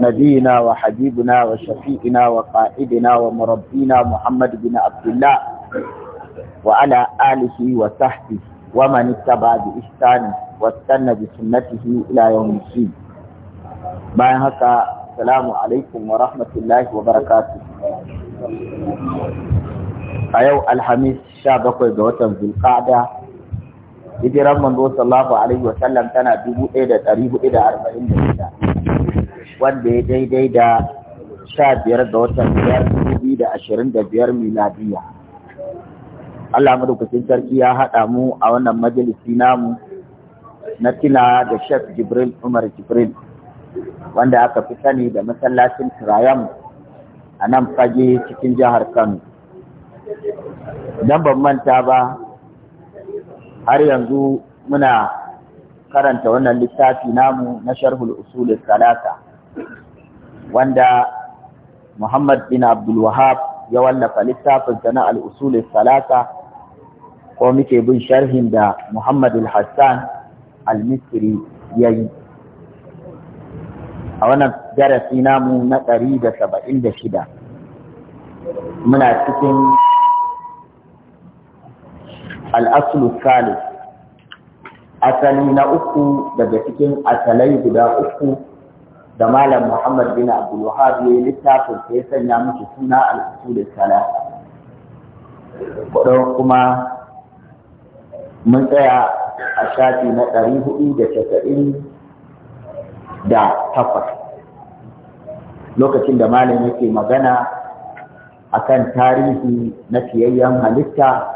نبينا وحبيبنا وشفيئنا وقائدنا ومربينا محمد بن عبد الله وعلى آله وصحبه ومن اتبع بإحسانه واستنى بسنته إلى يوم الدين bayan haka salamu alaikum wa rahmatullahi wa barakatu a yau alhamis sha bakwai ga watan zulkada hijiran manzo tana dubu ɗaya da ɗari da arba'in da wanda ya daidai da sha biyar ga watan biyar dubu da ashirin da biyar miladiya Allah madaukakin sarki ya haɗa mu a wannan majalisi namu na tuna da Shef Jibril Umar Jibril wanda aka fi sani da masallacin Tirayam a nan fage cikin jihar Kano. Don ban manta ba, har yanzu muna karanta wannan littafi namu na sharhul Usulis salata wanda Muhammad bin Abdul Wahab ya wallafa littafin sana al-usul salasa ko muke bin sharhin da Muhammad al-Hassan al-Misri yayi a wannan darasi namu na ɗari da saba'in da shida muna cikin al'asulu salis asali na uku daga cikin asalai guda uku da malam Muhammad bin Abdul Wahab ya yi littafin da ya sanya musu suna al-usul salasa don kuma mun tsaya a shafi na ɗari hudu da casa'in da takwas lokacin da malam yake magana a kan tarihi na fiyayyen halitta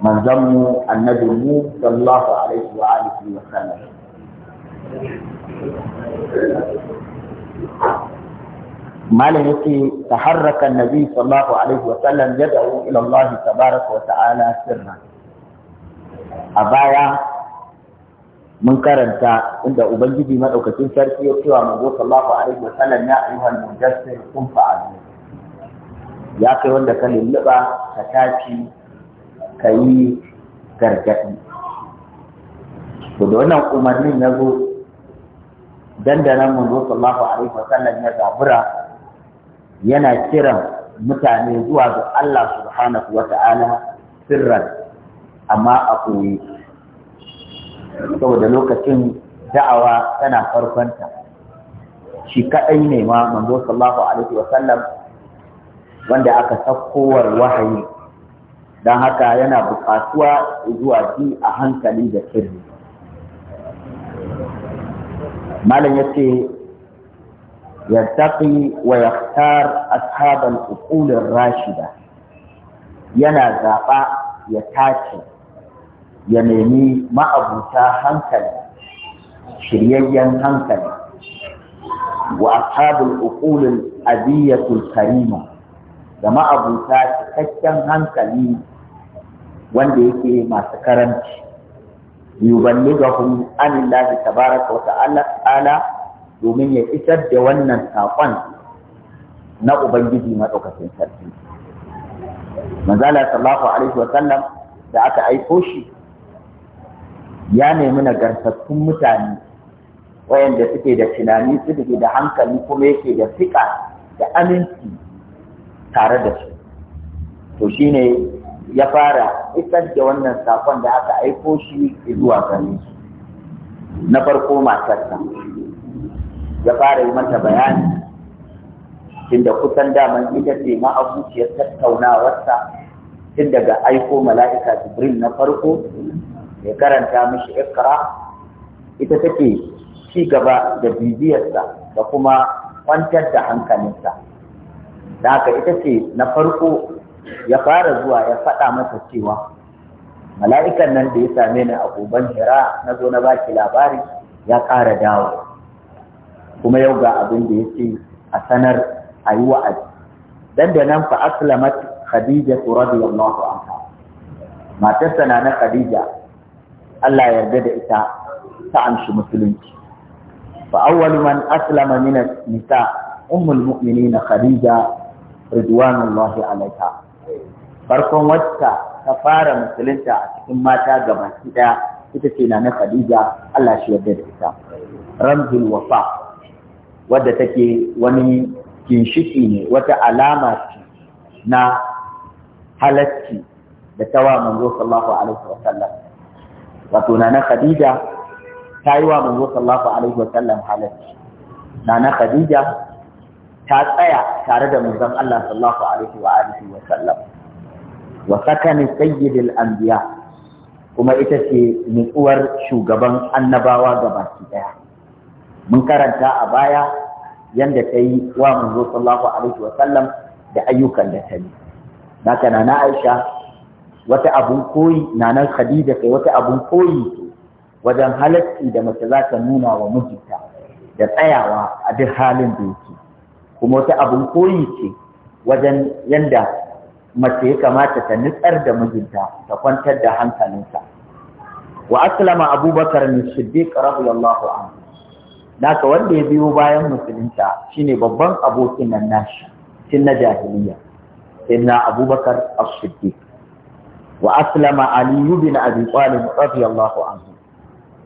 manzanmu annabinmu sallallahu alaihi wa alihi wa sallam malam yake harrakan nabi sallallahu alaihi wa sallam da'u ila Allah tabaraka wa ta'ala sirra a baya mun karanta inda ubangiji madaukakin sarki ya cewa manzo sallallahu alaihi wa sallam ya al-mujassir kun fa'ala ya kai wanda ka lulluba ka tashi ka yi gargadi to da wannan umarnin na zo dandanan manzo sallallahu alaihi wasallam ya zabura yana kiran mutane zuwa ga Allah subhanahu wata'ala sirran amma a koyi saboda lokacin da'awa tana farkonta shi kaɗai ne ma manzo sallallahu alaihi wasallam wanda aka sakkowar wahayi don haka yana buƙatuwa zuwa ji a hankali da sirri malam yace yattaqi wa yaktar ashabal uqulir rashida yana zaɓa ya tace ya nemi ma'abuta hankali shiryayyen hankali wa ashabul uqulil adiyatul karima da ma'abuta cikakken hankali wanda yake masu karanci yuballighahum anillahi tabaraka wa ta'ala domin ya isar da wannan saƙon na ubangiji madaukakin sarki manzala sallallahu alaihi wa sallam da aka aiko shi ya nemi nagartattun mutane wayanda suke da tunani suke da hankali kuma yake da fiƙa da aminci tare da su to shine ya fara isar da wannan sakon da aka aiko shi zuwa gare shi na farko matarsa ya fara yi mata bayani da kusan daman ita ce ma'abuciyar tattaunawarsa tun daga aiko mala'ika jibril na farko ya karanta mishi ikra ita take ci gaba da bibiyarsa da kuma kwantar da hankalinsa da haka ita ce na farko ya fara zuwa ya faɗa masa cewa mala'ikan nan da ya same ni a goban hira na zo na baki labari ya ƙara dawo kuma yau ga abin da ya ce a sanar a yi wa'azi dan da nan fa aslamat khadija radiyallahu anha matarsa na na khadija Allah yarda da ita ta amshi musulunci fa awwal man aslama min nisa ummul mu'minin khadija ridwanullahi alaiha farkon wacce ta fara musulunta a cikin mata gabaki ɗaya ita ce na na Khadija Allah shi yarda da ita ramzul wafa wadda take wani kinshiki ne wata alama ce na halacci da tawa manzo sallallahu alaihi wa sallam wato na na Khadija ta yi wa manzo sallallahu alaihi wa sallam halacci na na Khadija ta tsaya tare da manzon Allah sallallahu alaihi wa alihi wasallam wa sakani sayyidil anbiya kuma ita ce nutsuwar shugaban annabawa gabaki daya mun karanta a baya yanda ta yi wa manzo sallallahu alaihi wasallam da ayyukan da ta yi naka na na Aisha wata abun koyi na nan Khadija kai wata abun koyi wajen halacci da mace za ta nuna wa mijinta da tsayawa a duk halin da yake kuma wata abun koyi ce wajen yanda mace ya kamata ta nutsar da mijinta ta kwantar da hankalinsa wa aslama abubakar ne siddiq radiyallahu anhu naka wanda ya biyo bayan musulunta shine babban abokin nan nashi tun na jahiliya sayyidina abubakar as-siddiq wa aslama ali ibn abi talib radiyallahu anhu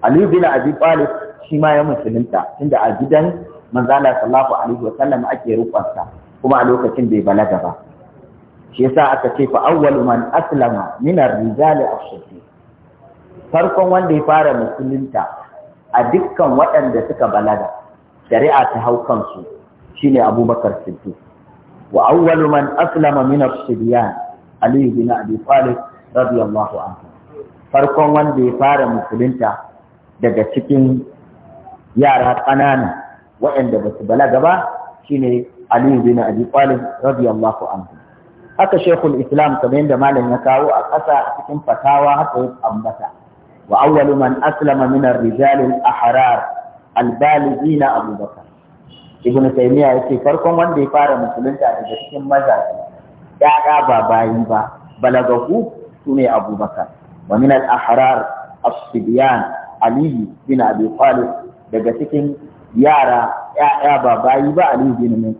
ali ibn abi talib shi ma ya musulunta tunda a gidan manzala sallallahu alaihi wa sallam ake rukunsa kuma a lokacin bai balaga ba shi yasa aka ce fa awwalu man aslama min ar-rijali ash-shafi farkon wanda ya fara musulunta a dukkan waɗanda suka balaga shari'a ta hau kansu shine Abubakar Siddiq wa awwalu man aslama min ash-shibyan Ali bin Abi Talib radiyallahu anhu farkon wanda ya fara musulunta daga cikin yara ƙanana waɗanda ba su balaga ba shine Ali bin Abi Talib radiyallahu anhu haka shekul islam kamar yadda malam ya kawo a ƙasa a cikin fatawa haka ya ambata wa awwalu man aslama min ar-rijal al-ahrar al-balighin Abu Bakar Ibn Taymiyyah farkon wanda ya fara musulunta daga cikin mazaje ya ba bayi ba balagahu sune Abu Bakar wa min al-ahrar as-sibyan Ali bin Abi Talib daga cikin yara ya'ya ba bayi ba Ali bin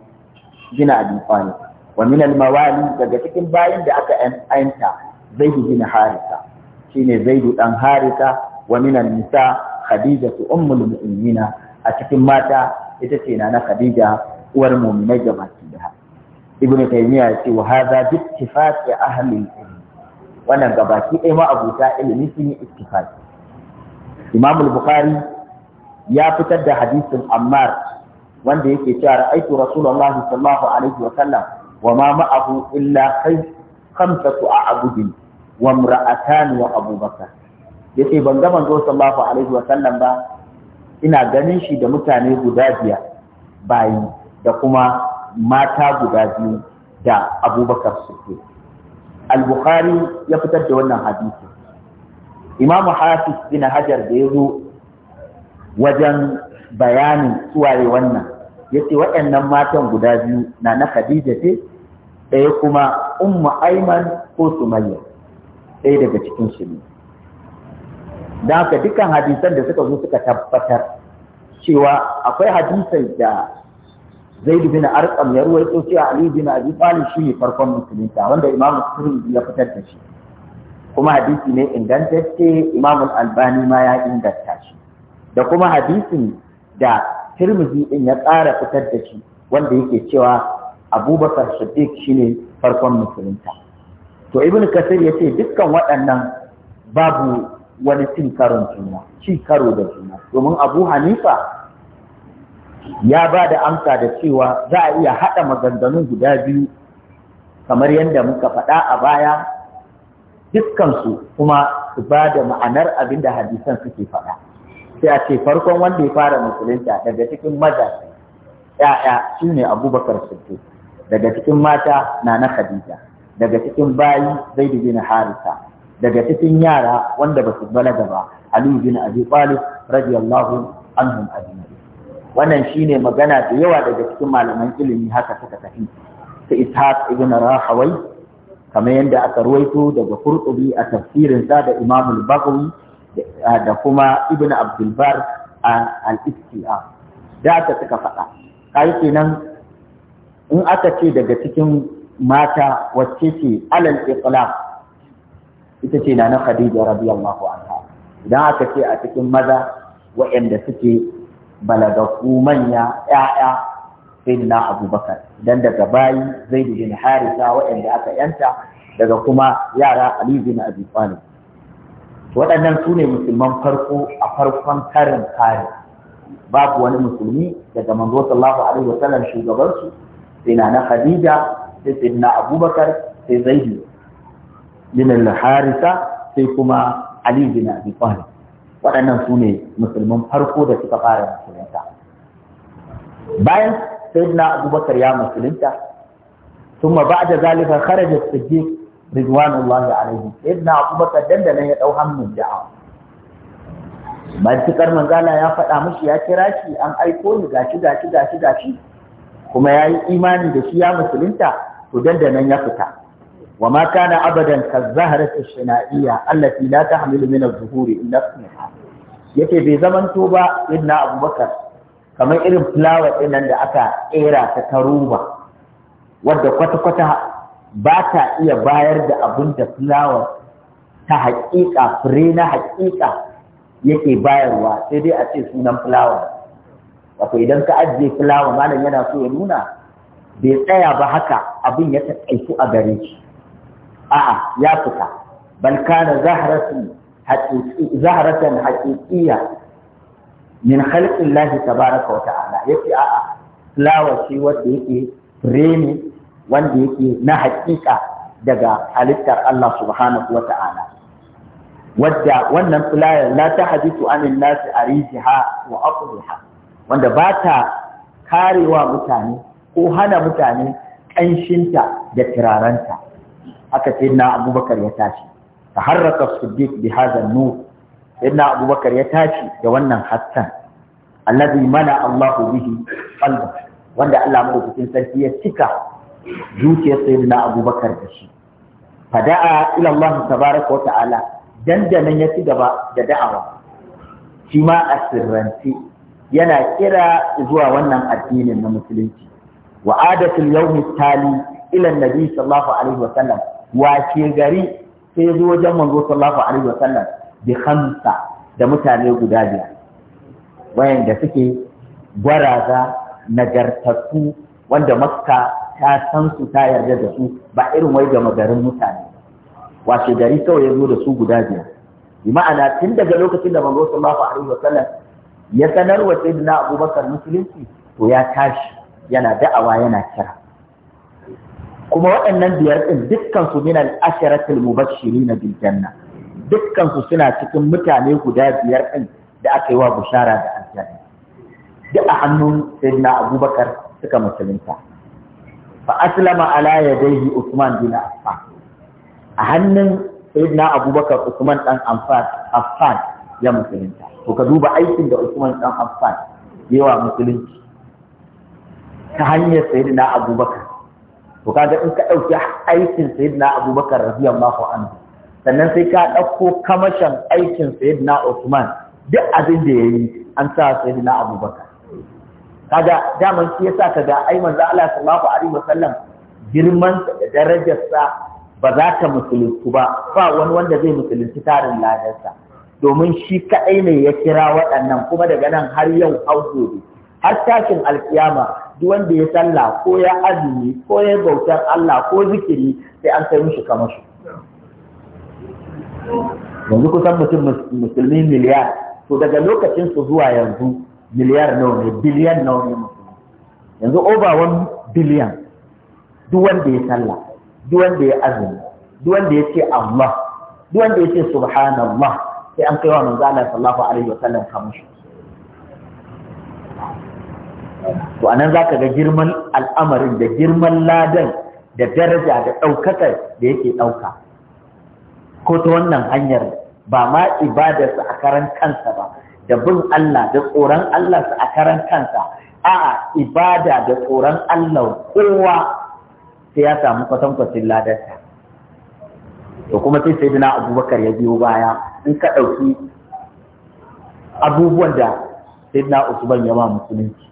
bin Abi Talib wa min al-mawali daga cikin bayin da aka ayyanta zaidu bin harisa shine zaidu dan harisa wa min al-nisa khadijatu ummul mu'minina a cikin mata ita ce na khadija uwar mu'minai gabaki da ibnu taymiya ya ce wa hadha bi ittifaqi ahli al-ilm wannan gabaki ɗaya ma abuta ilimi shine yi imam al-bukhari ya fitar da hadisin ammar wanda yake cewa ra'aytu rasulullahi sallallahu alaihi wa sallam wa ma ma'ahu illa kai khamsatu a wa imra'atan abubakar yace ban ga manzo sallallahu alaihi wa sallam ba ina ganin shi da mutane guda biyar bayi da kuma mata guda biyu da abubakar suke al-bukhari ya fitar da wannan hadisi imam hafiz bin hajar da ya zo wajen bayanin suwaye wannan ya ce waɗannan matan guda biyu na na Khadija ce ɗaya kuma ummu aiman ko sumayya ɗaya daga cikin su ne da haka dukkan hadisan da suka zo suka tabbatar cewa akwai hadisai da zaid bin arqam ya ruwaito a ali bin abi talib shi ne farkon musulunta wanda imam tirmidhi ya fitar da shi kuma hadisi ne ingantacce imam albani ma ya inganta shi da kuma hadisin da tirmizi din ya ƙara fitar da shi wanda yake cewa abubakar siddiq shine farkon musulunta to ibnu kasir ya ce dukkan waɗannan babu wani cin karon juna ci karo da juna domin abu hanifa ya ba da amsa da cewa za a iya haɗa maganganun guda biyu kamar yadda muka faɗa a baya dukkansu kuma su ba da ma'anar abinda da hadisan suke faɗa sai a ce farkon wanda ya fara musulunta daga cikin maza ya'ya shi ne abubakar sulke daga cikin mata na na khadija daga cikin bayi zai da bin harisa daga cikin yara wanda ba su balaga ba ali bin abi talib radiyallahu anhum ajma'in wannan shine magana da yawa daga cikin malaman ilimi haka suka tafi ta ishaq ibn rahawai kamar yadda aka ruwaito daga qurtubi a tafsirin sa da imamul al da kuma ibn abdulbar al-isti'a da aka suka faɗa kai kenan in aka ce daga cikin mata wacce ce alal iqla ita ce na na khadija radiyallahu anha idan aka ce a cikin maza waɗanda suke balagaku manya 'ya'ya sai na abubakar dan daga bayi zaid bin harisa waɗanda aka yanta daga kuma yara ali bin abi talib waɗannan su ne musulman farko a farkon karin kare babu wani musulmi daga manzo sallallahu alaihi wa sallam shugaban su sai na na Khadija sai sai na Abubakar sai Zaid bin al-Harisa sai kuma Ali bin Abi Talib waɗannan su ne musulman farko da suka fara musulunta bayan sai na Abubakar ya musulunta ثم بعد ذلك خرج الصديق ridwanullahi alaihi sayyidina abubakar dandanan ya dau hannun da'a bantikar manzala ya faɗa mushi ya kira shi an aiko ni gashi gashi gashi gashi kuma ya yi imani da shi ya musulunta to nan ya fita wa ma kana abadan ka zaharatu shana'iyya allati la tahmilu min az-zuhuri illa ismiha yake bai zaman to ba ibn abubakar kamar irin flower din nan da aka era ta taruba wadda kwata kwata ba ta iya bayar da abin da fulawa ta haƙiƙa fure na haƙiƙa yake bayarwa sai dai a ce sunan fulawa wato idan ka ajiye fulawa malam yana so ya nuna bai tsaya ba haka abin ya taƙaitu a gare shi a'a ya fita bal kana zahratan haqiqi zahratan haqiqiyya min khalqillahi tabaraka wa ta'ala yace a'a fulawa shi wanda yake fure ne wanda yake na haƙiƙa daga halittar Allah subhanahu wa ta'ala wadda wannan filayar la ta hadisu anin nasi arijiha wa aqdiha wanda ba ta karewa mutane ko hana mutane ƙanshinta da turarenta haka ce na abubakar ya tashi ta harraka siddiq bi hadha nur abubakar ya tashi da wannan hassan allazi mana Allahu bihi qalba wanda Allah madaukakin sarki ya cika dukiyar sayyidina abubakar da shi fada'a ila Allah tabaraka wa ta'ala dandanan ya ci gaba da da'awa shi ma a sirrance yana kira zuwa wannan addinin na musulunci wa adatul yawmi tali ila nabi sallallahu alaihi wa sallam wa ke gari sai zo wajen manzo sallallahu alaihi wa sallam bi khamsa da mutane guda biyar wayanda suke gwaraza nagartattu wanda makka ta san su ta yarda da su ba irin wai gama garin mutane washe gari kawai ya zo da su guda biyar bi ma'ana tun daga lokacin da manzo sallallahu alaihi wasallam ya sanar wa sayyidina abubakar musulunci to ya tashi yana da'awa yana kira kuma waɗannan biyar ɗin dukkan su min al-asharatil mubashirin bil janna dukkan su suna cikin mutane guda biyar ɗin da aka yi wa bushara da aljanna duk a hannun sayyidina abubakar suka musulunta fa aslama ala yadayhi Usman bin Affan a hannun sayyidina Abubakar Usman dan Affan ya musulunta to ka duba aikin da Usman dan Affan yawa musulunci ta hanyar sayyidina Abubakar to kaga in ka dauki aikin sayyidina Abubakar radiyallahu anhu sannan sai ka dauko kamashin aikin sayyidina Usman duk abin da yayi an sa sayyidina Abubakar kaga daman shi yasa kaga ai manzo Allah sallallahu alaihi wasallam girman da darajarsa ba za ta musulunci ba ba wani wanda zai musulunci tarin ladarsa domin shi kadai ne ya kira waɗannan kuma daga nan har yau har gobe har tashin alkiyama duk wanda ya sallah ko ya azumi ko ya bautar Allah ko zikiri sai an kai mishi kamar shi yanzu kusan mutum musulmi miliyar to daga lokacin su zuwa yanzu miliyar nawa ne biliyan nawa ne musulmi yanzu over one billion duk wanda ya sallah duk wanda ya azumi duk wanda ya ce Allah duk wanda ya ce subhanallah sai an kai wa manzo Allah sallallahu alaihi sallam kamar shi to anan zaka ga girman al'amarin da girman ladan da daraja da daukaka da yake ɗauka ko ta wannan hanyar ba ma ibadarsa a karan kansa ba da bin Allah da tsoron Allah su a karan kansa a'a ibada da tsoron Allah kowa sai ya samu kwatankwacin ladarsa to kuma sai sai dina abubakar ya biyo baya in ka ɗauki abubuwan da sai dina usman ya ma musulunci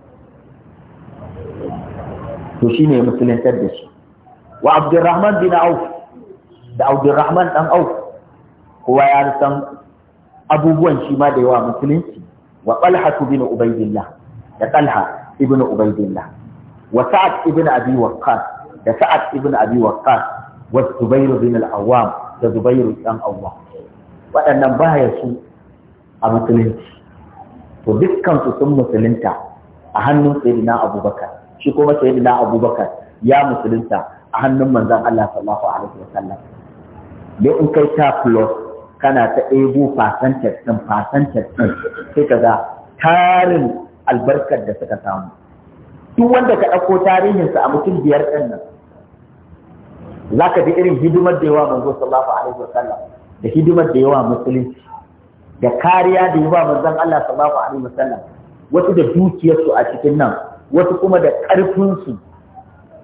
to shi ne musulunci da shi wa abdurrahman bin auf da abdurrahman ɗan auf kowa ya san abubuwan shi ma da yawa musulunci wa talha ibn ubaidillah, da talha ibn ubaidillah. wa sa'ad ibn abi waqqas da sa'ad ibn abi waqqas wa zubair bin al-awwam da Zubairu dan awwam waɗannan baya su a musulunci to dukkan su sun musulunta a hannun sayyidina abubakar shi kuma sayyidina abubakar ya musulunta a hannun manzon Allah sallallahu alaihi wasallam dai in kai ta plus kana ta ɗebo fasantar ɗin fasantar ɗin sai ka ga tarin albarkar da suka samu duk wanda ka ɗauko tarihinsa a mutum biyar ɗin nan za ka ji irin hidimar da yawa manzo sallallahu alaihi wasallam da hidimar da yawa musulunci da kariya da yawa manzon Allah sallallahu alaihi wasallam wasu da dukiyarsu a cikin nan wasu kuma da ƙarfinsu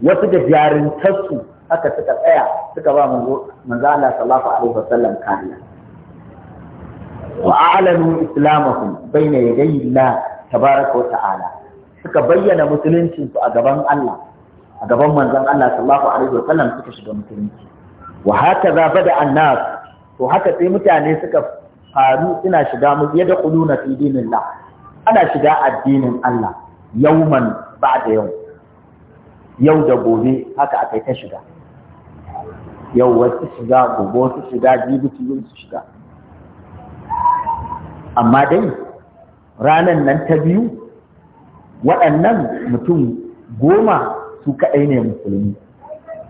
wasu da jarintarsu haka suka tsaya suka ba manzo Allah sallallahu alaihi wasallam kariya wa a'lanu islamahum bayna yaday Allah tabaraka wa ta'ala suka bayyana musuluncin su a gaban Allah a gaban manzon Allah sallallahu alaihi wa sallam suka shiga musulunci wa hakaza bada annas to haka sai mutane suka faru suna shiga musu yadda na fi dinillah ana shiga addinin Allah yauman ba'da yau yau da gobe haka akai ta shiga yau wasu shiga gobe wasu shiga jibi su shiga amma dai ranar nan ta biyu waɗannan mutum goma su kaɗai ne musulmi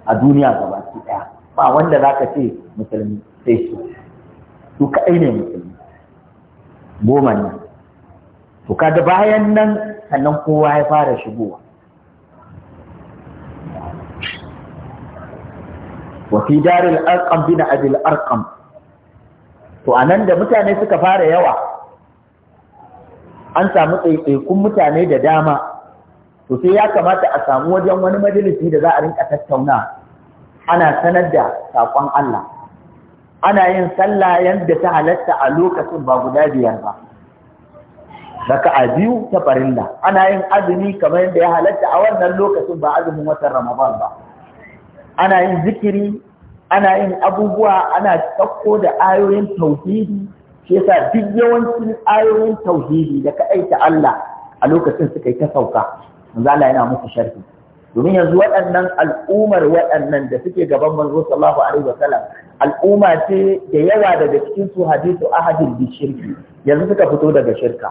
a duniya gabaki ɗaya ba wanda za ka ce musulmi sai su su kaɗai ne musulmi goma nan to kada bayan nan sannan kowa ya fara shigowa wafi daril arkam bin abil arkam to anan da mutane suka fara yawa an samu ɗaiɗaikun mutane da dama to sai ya kamata a samu wajen wani majalisi da za a rinka tattauna ana sanar da saƙon Allah ana yin sallah yadda ta halatta a lokacin ba guda biyar ba a biyu ta farilla ana yin azumi kamar yadda ya halatta a wannan lokacin ba azumin watan Ramadan ba ana yin zikiri ana yin abubuwa ana sakko da ayoyin tauhidi shi yasa duk yawancin ayoyin tauhidi da ka kaɗaita Allah a lokacin suka yi ta sauka manzo Allah yana musu sharhi domin yanzu waɗannan al'umar waɗannan da suke gaban manzo sallallahu alaihi wasallam al'umma ce da yawa daga cikin su hadithu ahadin bi shirki yanzu suka fito daga shirka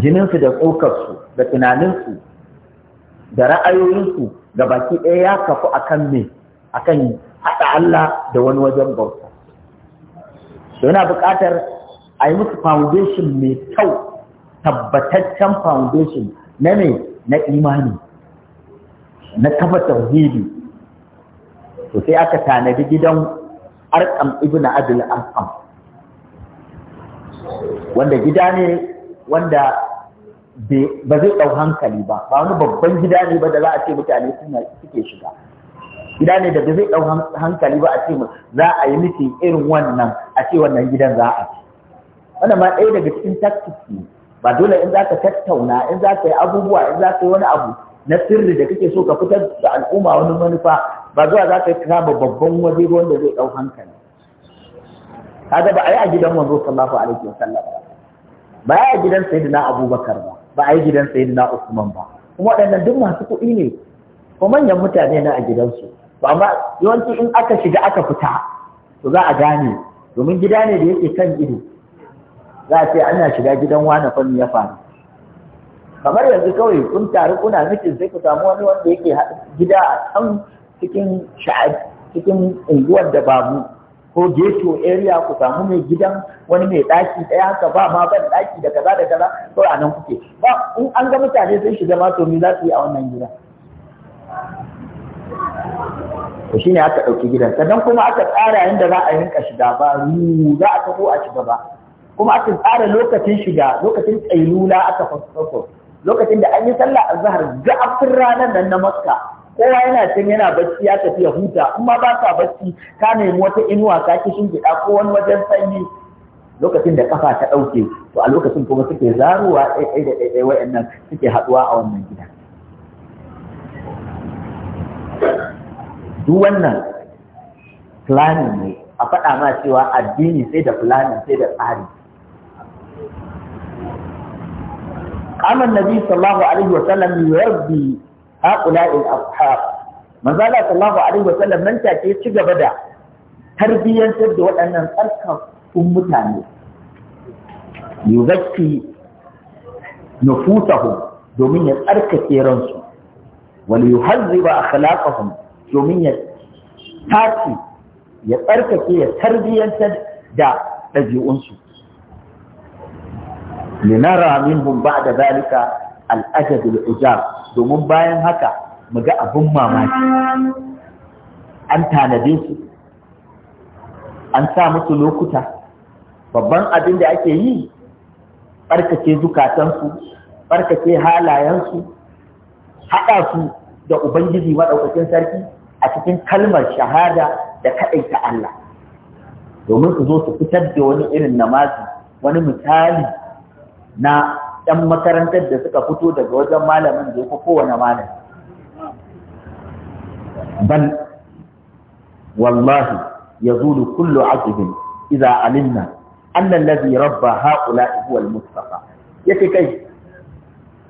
jininsu da tsokarsu da tunaninsu da ra'ayoyinsu ga baki ɗaya ya kafu akan me akan haɗa Allah da wani wajen bauta yana buƙatar a yi musu foundation mai kyau tabbataccen foundation na ne na imani na kafa tauhidi to sai aka tanadi gidan arkam ibn abdul arkam wanda gida ne wanda ba zai ɗau hankali ba ba wani babban gida ne ba da za a ce mutane suke shiga gida ne da zai ɗau hankali ba a ce za a yi mitin irin wannan a ce wannan gidan za a ci wannan ma ɗaya daga cikin tactics ne ba dole in za ka tattauna in za ka yi abubuwa in za ka yi wani abu na sirri da kake so ka fitar da al'umma wani manufa ba zuwa za ka yi kama babban waje wanda zai ɗau hankali kaga ba a yi a gidan manzo sallallahu alaihi wa sallam ba a yi a gidan sayyidina abubakar ba ba a yi gidan sayyidina usman ba kuma waɗannan duk masu kuɗi ne ko manyan mutane na a gidansu ba yawanci in aka shiga aka fita to za a gane domin gida ne da yake kan ido za a ce ana shiga gidan wani fanni ya faru kamar yanzu kawai kun taru kuna miki sai ku samu wani wanda yake gida a can cikin sha'ad cikin unguwar da babu ko ghetto area ku samu mai gidan wani mai daki daya haka ba ma ban daki da kaza da kaza to a nan kuke ba in an ga mutane sai shiga ma to me za su yi a wannan gida to shine aka ɗauki gidan sannan kuma aka tsara yadda za a yanka shiga ba ru za a taho a shiga ba kuma aka tsara lokacin shiga lokacin tsailula aka fasfafo lokacin da an yi sallah azhar ga afin ranar nan na makka kowa yana can yana bacci ya tafi ya huta in ma ba ka bacci ka nemi wata inuwa ka ki gida ko wani wajen sanyi lokacin da kafa ta ɗauke to a lokacin kuma suke zaruwa ɗaiɗai da ɗaiɗai wa'annan suke haɗuwa a wannan gidan duk wannan planning ne a faɗa ma cewa addini sai da planning sai da tsari قام النبي صلى الله عليه وسلم يربي هؤلاء الأصحاب من ذا صلى الله عليه وسلم من تأتي تجبدا تربيا تبدو أن أركب أمتان يزكي نفوسهم domin ya tsarkake ransu wal yuhazziba akhlaqahum domin ya tashi, ya tsarkake ya tarbiyyantar da ɗabi'unsu linara minhum da zalika al-ajab domin bayan haka mu ga abin mamaki an tanade su an sa musu lokuta babban abin da ake yi ɓarkake zukatansu ɓarkake halayensu haɗa su da ubangiji maɗaukakin sarki a cikin kalmar shahada da kaɗaita Allah domin su zo su fitar da wani irin namazi wani misali na ɗan makarantar da suka fito daga wajen malamin da ya kowane malami Ban wallahi yazulu kullu azbin idza alimna anna allazi rabba haula huwa al-mustafa yace kai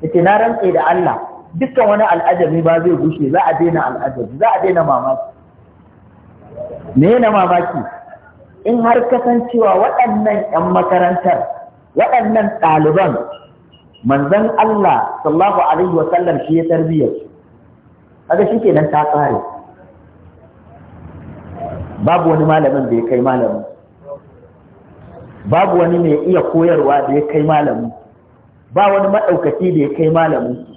yace na rantse da Allah dukkan wani al'ajabi ba zai gushe za a daina al'ajabi za a daina mamaki me na mamaki in har kasancewa waɗannan 'yan makarantar waɗannan ɗaliban manzon Allah sallallahu alaihi wa sallam shi ya tarbiyyar su kaga shikenan ta tsare babu wani malamin da ya kai malami. babu wani mai iya koyarwa da ya kai malami. ba wani maɗaukaci da ya kai malami.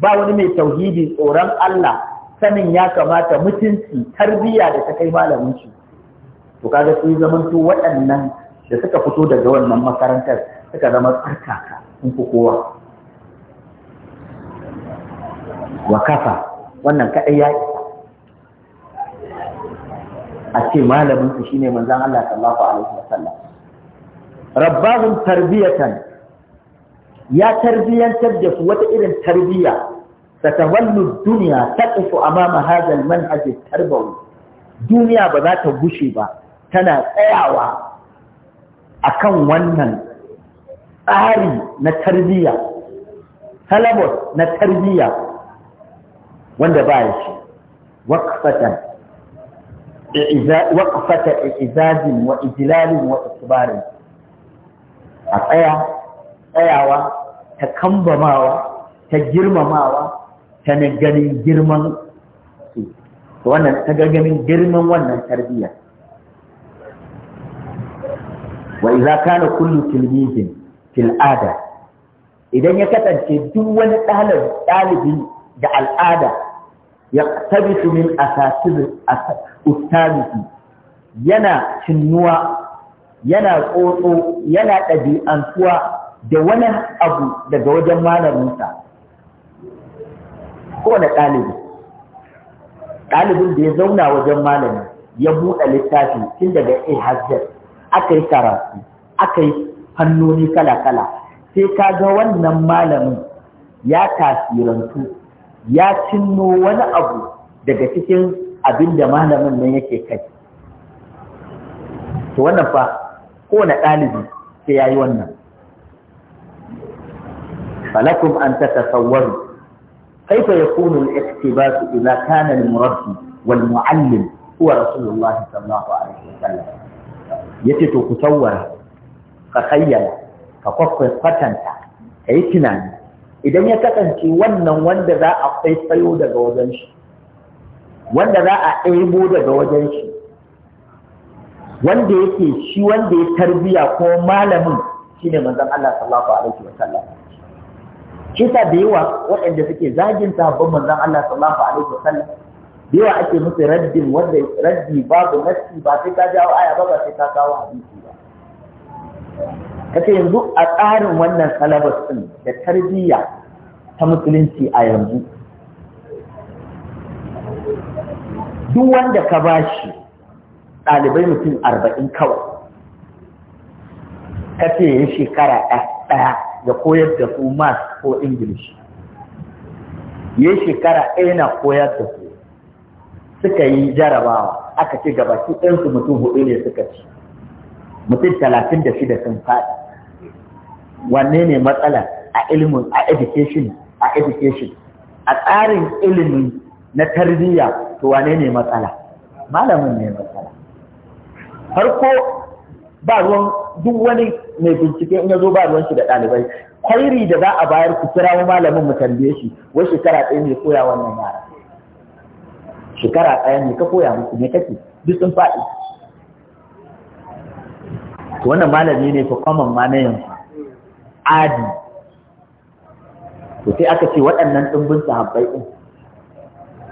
ba wani mai tauhidi tsoron Allah sanin ya kamata mutunci tarbiyya da ta kai malamin shi to kaga sun zaman to waɗannan da suka fito daga wannan makarantar suka zama tsarkaka in ku kowa wa kafa wannan kaɗai ya isa a ce malamin shi ne manzon Allah sallallahu alaihi wasallam rabbahum tarbiyatan ya tarbiyantar da su wata irin tarbiyya. tarbiya satawallu duniya ta taqifu amama hadha almanhaj tarbawi duniya ba za ta gushe ba tana tsayawa a kan wannan tsari na tarbiyya. talabot na tarbiyya. wanda ba ya shi waqfatan waqfata izazin wa ijlalin wa isbarin a tsaya tsayawa ta kambamawa ta girmamawa ta ganin girman su wannan ta ganin girman wannan tarbiyya wa idza kana kullu tilmizin fil ada idan ya kasance duk wani ɗalibi da al'ada ya tabitu min asasir ustaziki yana cinnuwa yana tsotso yana ɗabi'antuwa da wani abu daga wajen malaminsa kowane ɗalibi ɗalibin da ya zauna wajen malami ya buɗe littafi tun daga a hajjar aka yi karatu aka yi hannuni kala-kala sai ka ga wannan malamin ya tasirantu ya cinno wani abu daga cikin abin da malamin nan yake kai to wannan fa na ɗalibi sai ya yi wannan falakum an tatasawwaru kaifa yakunu al-iktibas idza kana al-murabbi wal muallim huwa rasulullahi sallallahu alaihi wasallam yace to ku tsawara ka kayyala ka kwatanta kai tunani idan ya kasance wannan wanda za a kwaikwayo daga wajen shi wanda za a ɗebo daga wajen shi wanda yake shi wanda ya tarbiyya ko malamin shine manzon Allah alaihi kisa da yawa waɗanda suke zagin sahabban manzan Allah sallallahu alaihi wasallam da yawa ake musu raddin wanda raddi babu nassi ba sai ka jawo aya ba ba sai ka kawo hadisi ba kace yanzu a tsarin wannan salabas din da tarbiyya ta musulunci a yanzu duk wanda ka bashi ɗalibai mutum arba'in kawai kace ya shekara ɗaya ya koyar da su math ko english ya shekara ɗaya na koyar da su suka yi jarabawa aka ce gabaki ɗansu mutum hudu ne suka ci mutum talatin da shida sun faɗi wanne ne matsala a ilimin a education a education a tsarin ilimi na tarbiyya to wane ne matsala malamin ne matsala farko ba ruwan duk wani mai bincike in ya zo ba ruwan shi da ɗalibai kwairi da za a bayar ku kira malamin mu tambaye shi wai shekara ɗaya ne koya wannan yara shekara ɗaya ne ka koya muku ne kake duk sun faɗi to wannan malami ne fa kwaman ma na yanzu adi to sai aka ce waɗannan ɗumbin sahabbai ɗin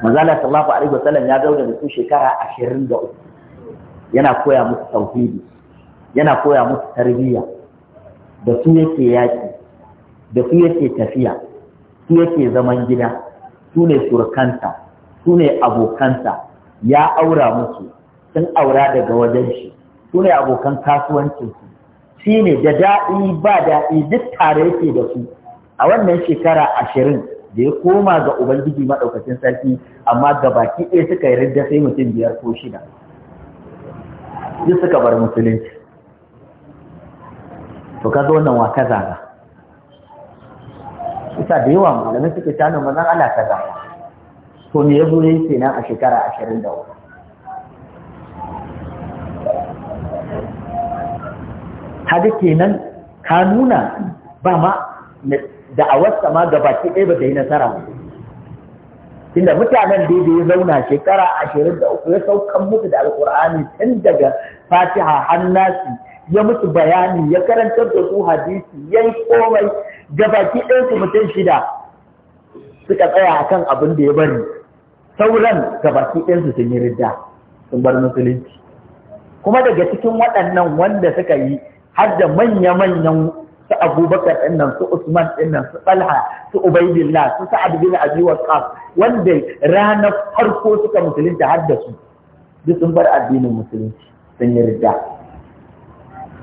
manzala sallallahu alaihi wasallam ya zauna da su shekara ashirin da uku yana koya musu tauhidi yana koya musu tarbiyya da su yake yaƙi da su yake tafiya su yake zaman gida su ne surkanta su ne abokansa ya aura musu sun aura daga wajen shi su ne abokan kasuwancinsu shi ne da daɗi ba daɗi duk tare yake da su a wannan shekara ashirin da ya koma ga ubangiji maɗaukacin sarki amma ga baki ɗaya suka yi sai mutum biyar ko shida duk suka bar musulunci to kaga wannan wa kaza ba isa da yawa malamai suke tano zan Allah kaza to me yazo yayi kenan a shekara 23 kaga kenan ka nuna ba ma da da'awarsa ma gabaki ɗaya ba da yi nasara ba inda mutanen da ya zauna shekara ashirin da uku ya saukan musu da alkur'ani tun daga fatiha har nasi ya musu bayani ya karantar da su hadisi ya yi komai gabaki ɗin su mutum shida suka tsaya akan abin da ya bari sauran gabaki ɗin su sun yi ridda sun bar musulunci kuma daga cikin waɗannan wanda suka yi har da manya-manyan su abubakar ɗin nan su usman ɗin nan su talha su ubaidillah su sa'ad bin abi waqas wanda ranar farko suka musulunta har da su duk sun bar addinin musulunci sun yi ridda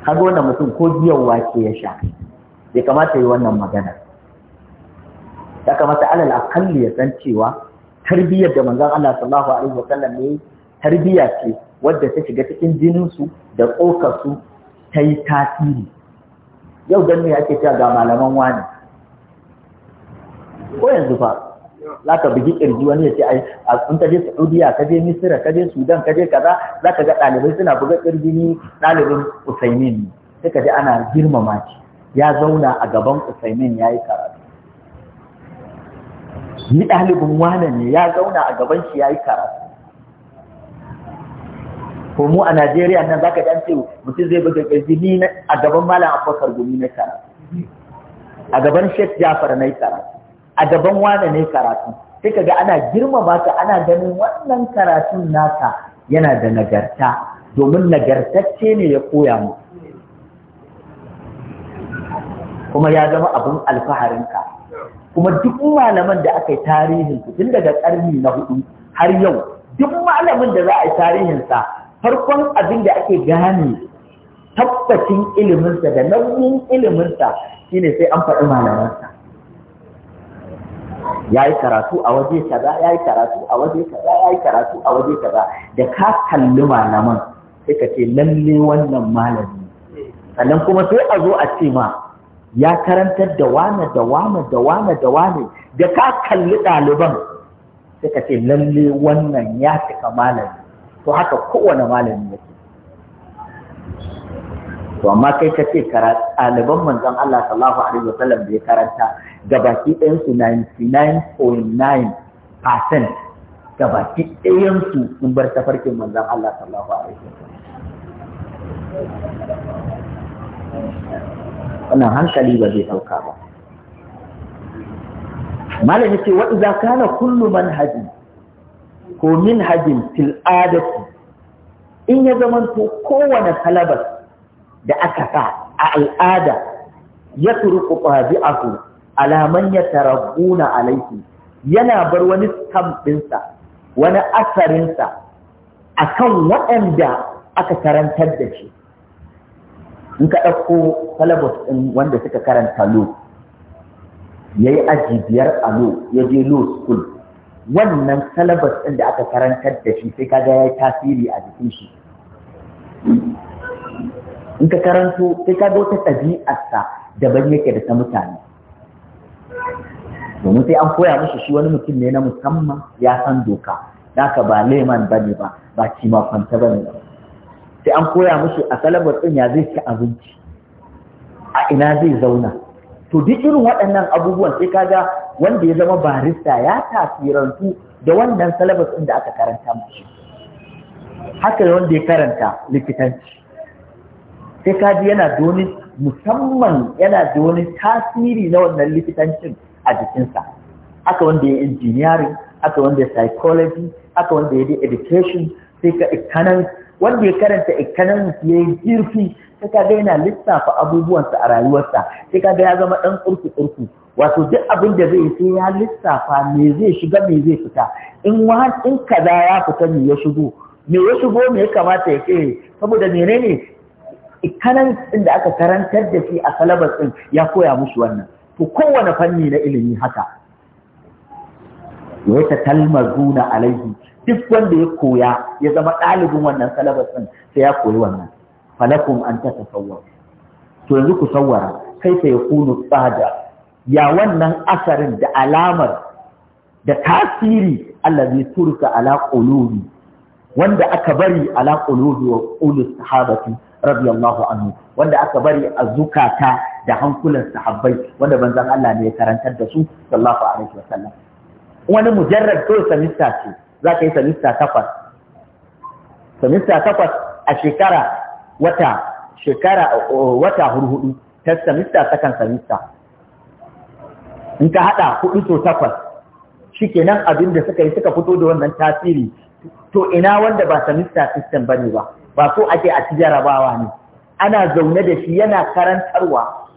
Har wannan mutum ko giyar wake ya sha bai kamata yi wannan magana ya kamata alal akalli ya san cewa tarbiyyar da manzon Allah sallallahu alaihi wasallam ne tarbiyya ce wadda ta shiga cikin jinin su da kokar su ta yi tasiri yau dan me ake cewa ga malaman wani ko yanzu fa za ka bugi kirji wani ya ce ai in ka je saudiya ka je misira ka je sudan ka je kaza za ka ga ɗalibai suna buga ƙirji ni ɗalibin usaimin ne sai ka ji ana girmama shi ya zauna a gaban usaimin ya yi karatu ni ɗalibin wane ne ya zauna a gaban shi ya yi karatu ko mu a najeriya nan za ka ji an ce mutum zai buga ƙirji ni a gaban malam abubakar gumi na karatu a gaban shek jafar na yi karatu a gaban wane ne karatu sai ka ga ana girmama ka ana ganin wannan karatun naka yana da nagarta domin nagartacce ne ya koya mu kuma ya zama abin alfaharinka kuma duk malaman da aka yi tarihin su tun daga karni na hudu har yau duk malamin da za a yi tarihinsa farkon abin da ake gane tabbacin iliminsa da nauyin iliminsa shine sai an faɗi malamansa ya yi karatu a waje kaza ya yi karatu a waje kaza ya yi karatu a waje kaza da ka kalli malaman sai ka ce lalle wannan malami sannan kuma sai a zo a ce ma ya karantar da wane da wane da wane da wane da ka kalli ɗaliban sai ka ce lalle wannan ya cika malami to haka kowane malami yake to amma kai ka ce ɗaliban manzon Allah sallallahu alaihi wasallam da ya karanta gabaki ɗayansu 99.9 percent gabaki ɗayansu sun bar tafarkin manzan Allah sallallahu alaihi wannan hankali ba zai ɗauka ba malam waɗu za ka na kullu manhajin ko minhajin fil adatu in ya zama to kowane talabas da aka sa a al'ada ya turuku tabi'atu alaman ya tarabuna alaihi yana bar wani stamp wani asarinsa akan waɗanda aka karantar da shi in ka ɗauko salabus ɗin wanda suka karanta lo ya yi aji biyar a lo ya je lo school wannan salabus ɗin da aka karantar da shi sai kaga ya yi tasiri a jikin shi in ka karanto sai kaga wata ɗabi'arsa daban yake da ta mutane domin sai an koya musu shi wani mutum ne na musamman ya san doka naka ba leman ba ne ba ba kima kwanta ba ne sai an koya musu a salabar ɗin ya zai ci abinci a ina zai zauna to duk irin waɗannan abubuwan sai kaga wanda ya zama barista ya tasirantu da wannan salabar ɗin da aka karanta musu haka wanda ya karanta likitanci sai kaji yana domin musamman yana da wani tasiri na wannan likitancin a jikinsa aka wanda ya engineering aka wanda ya psychology aka wanda ya education sai ka economics wanda ya karanta economics ya yi girfi sai ka ga yana lissafa abubuwansa a rayuwarsa sai ka ga ya zama ɗan tsurku tsurku wato duk abin da zai sai ya lissafa me zai shiga me zai fita in in kaza ya fita me ya shigo me ya shigo me ya kamata ya ke? saboda menene ikanan ɗin da aka karantar da shi a salabar ɗin ya koya musu wannan to kowane fanni na ilimi haka wata kalmar zuna alaihi duk wanda ya koya ya zama ɗalibin wannan salabar ɗin sai ya koyi wannan falakum an ta tasawwar to yanzu ku sawwara kai ta ya kunu tsada ya wannan asarin da alamar da tasiri Allah zai turka ala ƙulubi wanda aka bari ala ƙulubi wa ƙulus sahabati radiyallahu anhu wanda aka bari a zukata da hankulan sahabbai wanda banzan Allah ne ya karantar da su sallallahu alaihi wasallam wani mujarrad ko samista ce za ka yi samista takwas samista takwas a shekara wata shekara wata hurhudu ta samista sakan samista in ka hada hudu to takwas shikenan abin da suka yi suka fito da wannan tasiri to ina wanda ba samista system bane ba ba so ake a ci jarabawa ne ana zaune da shi yana karantarwa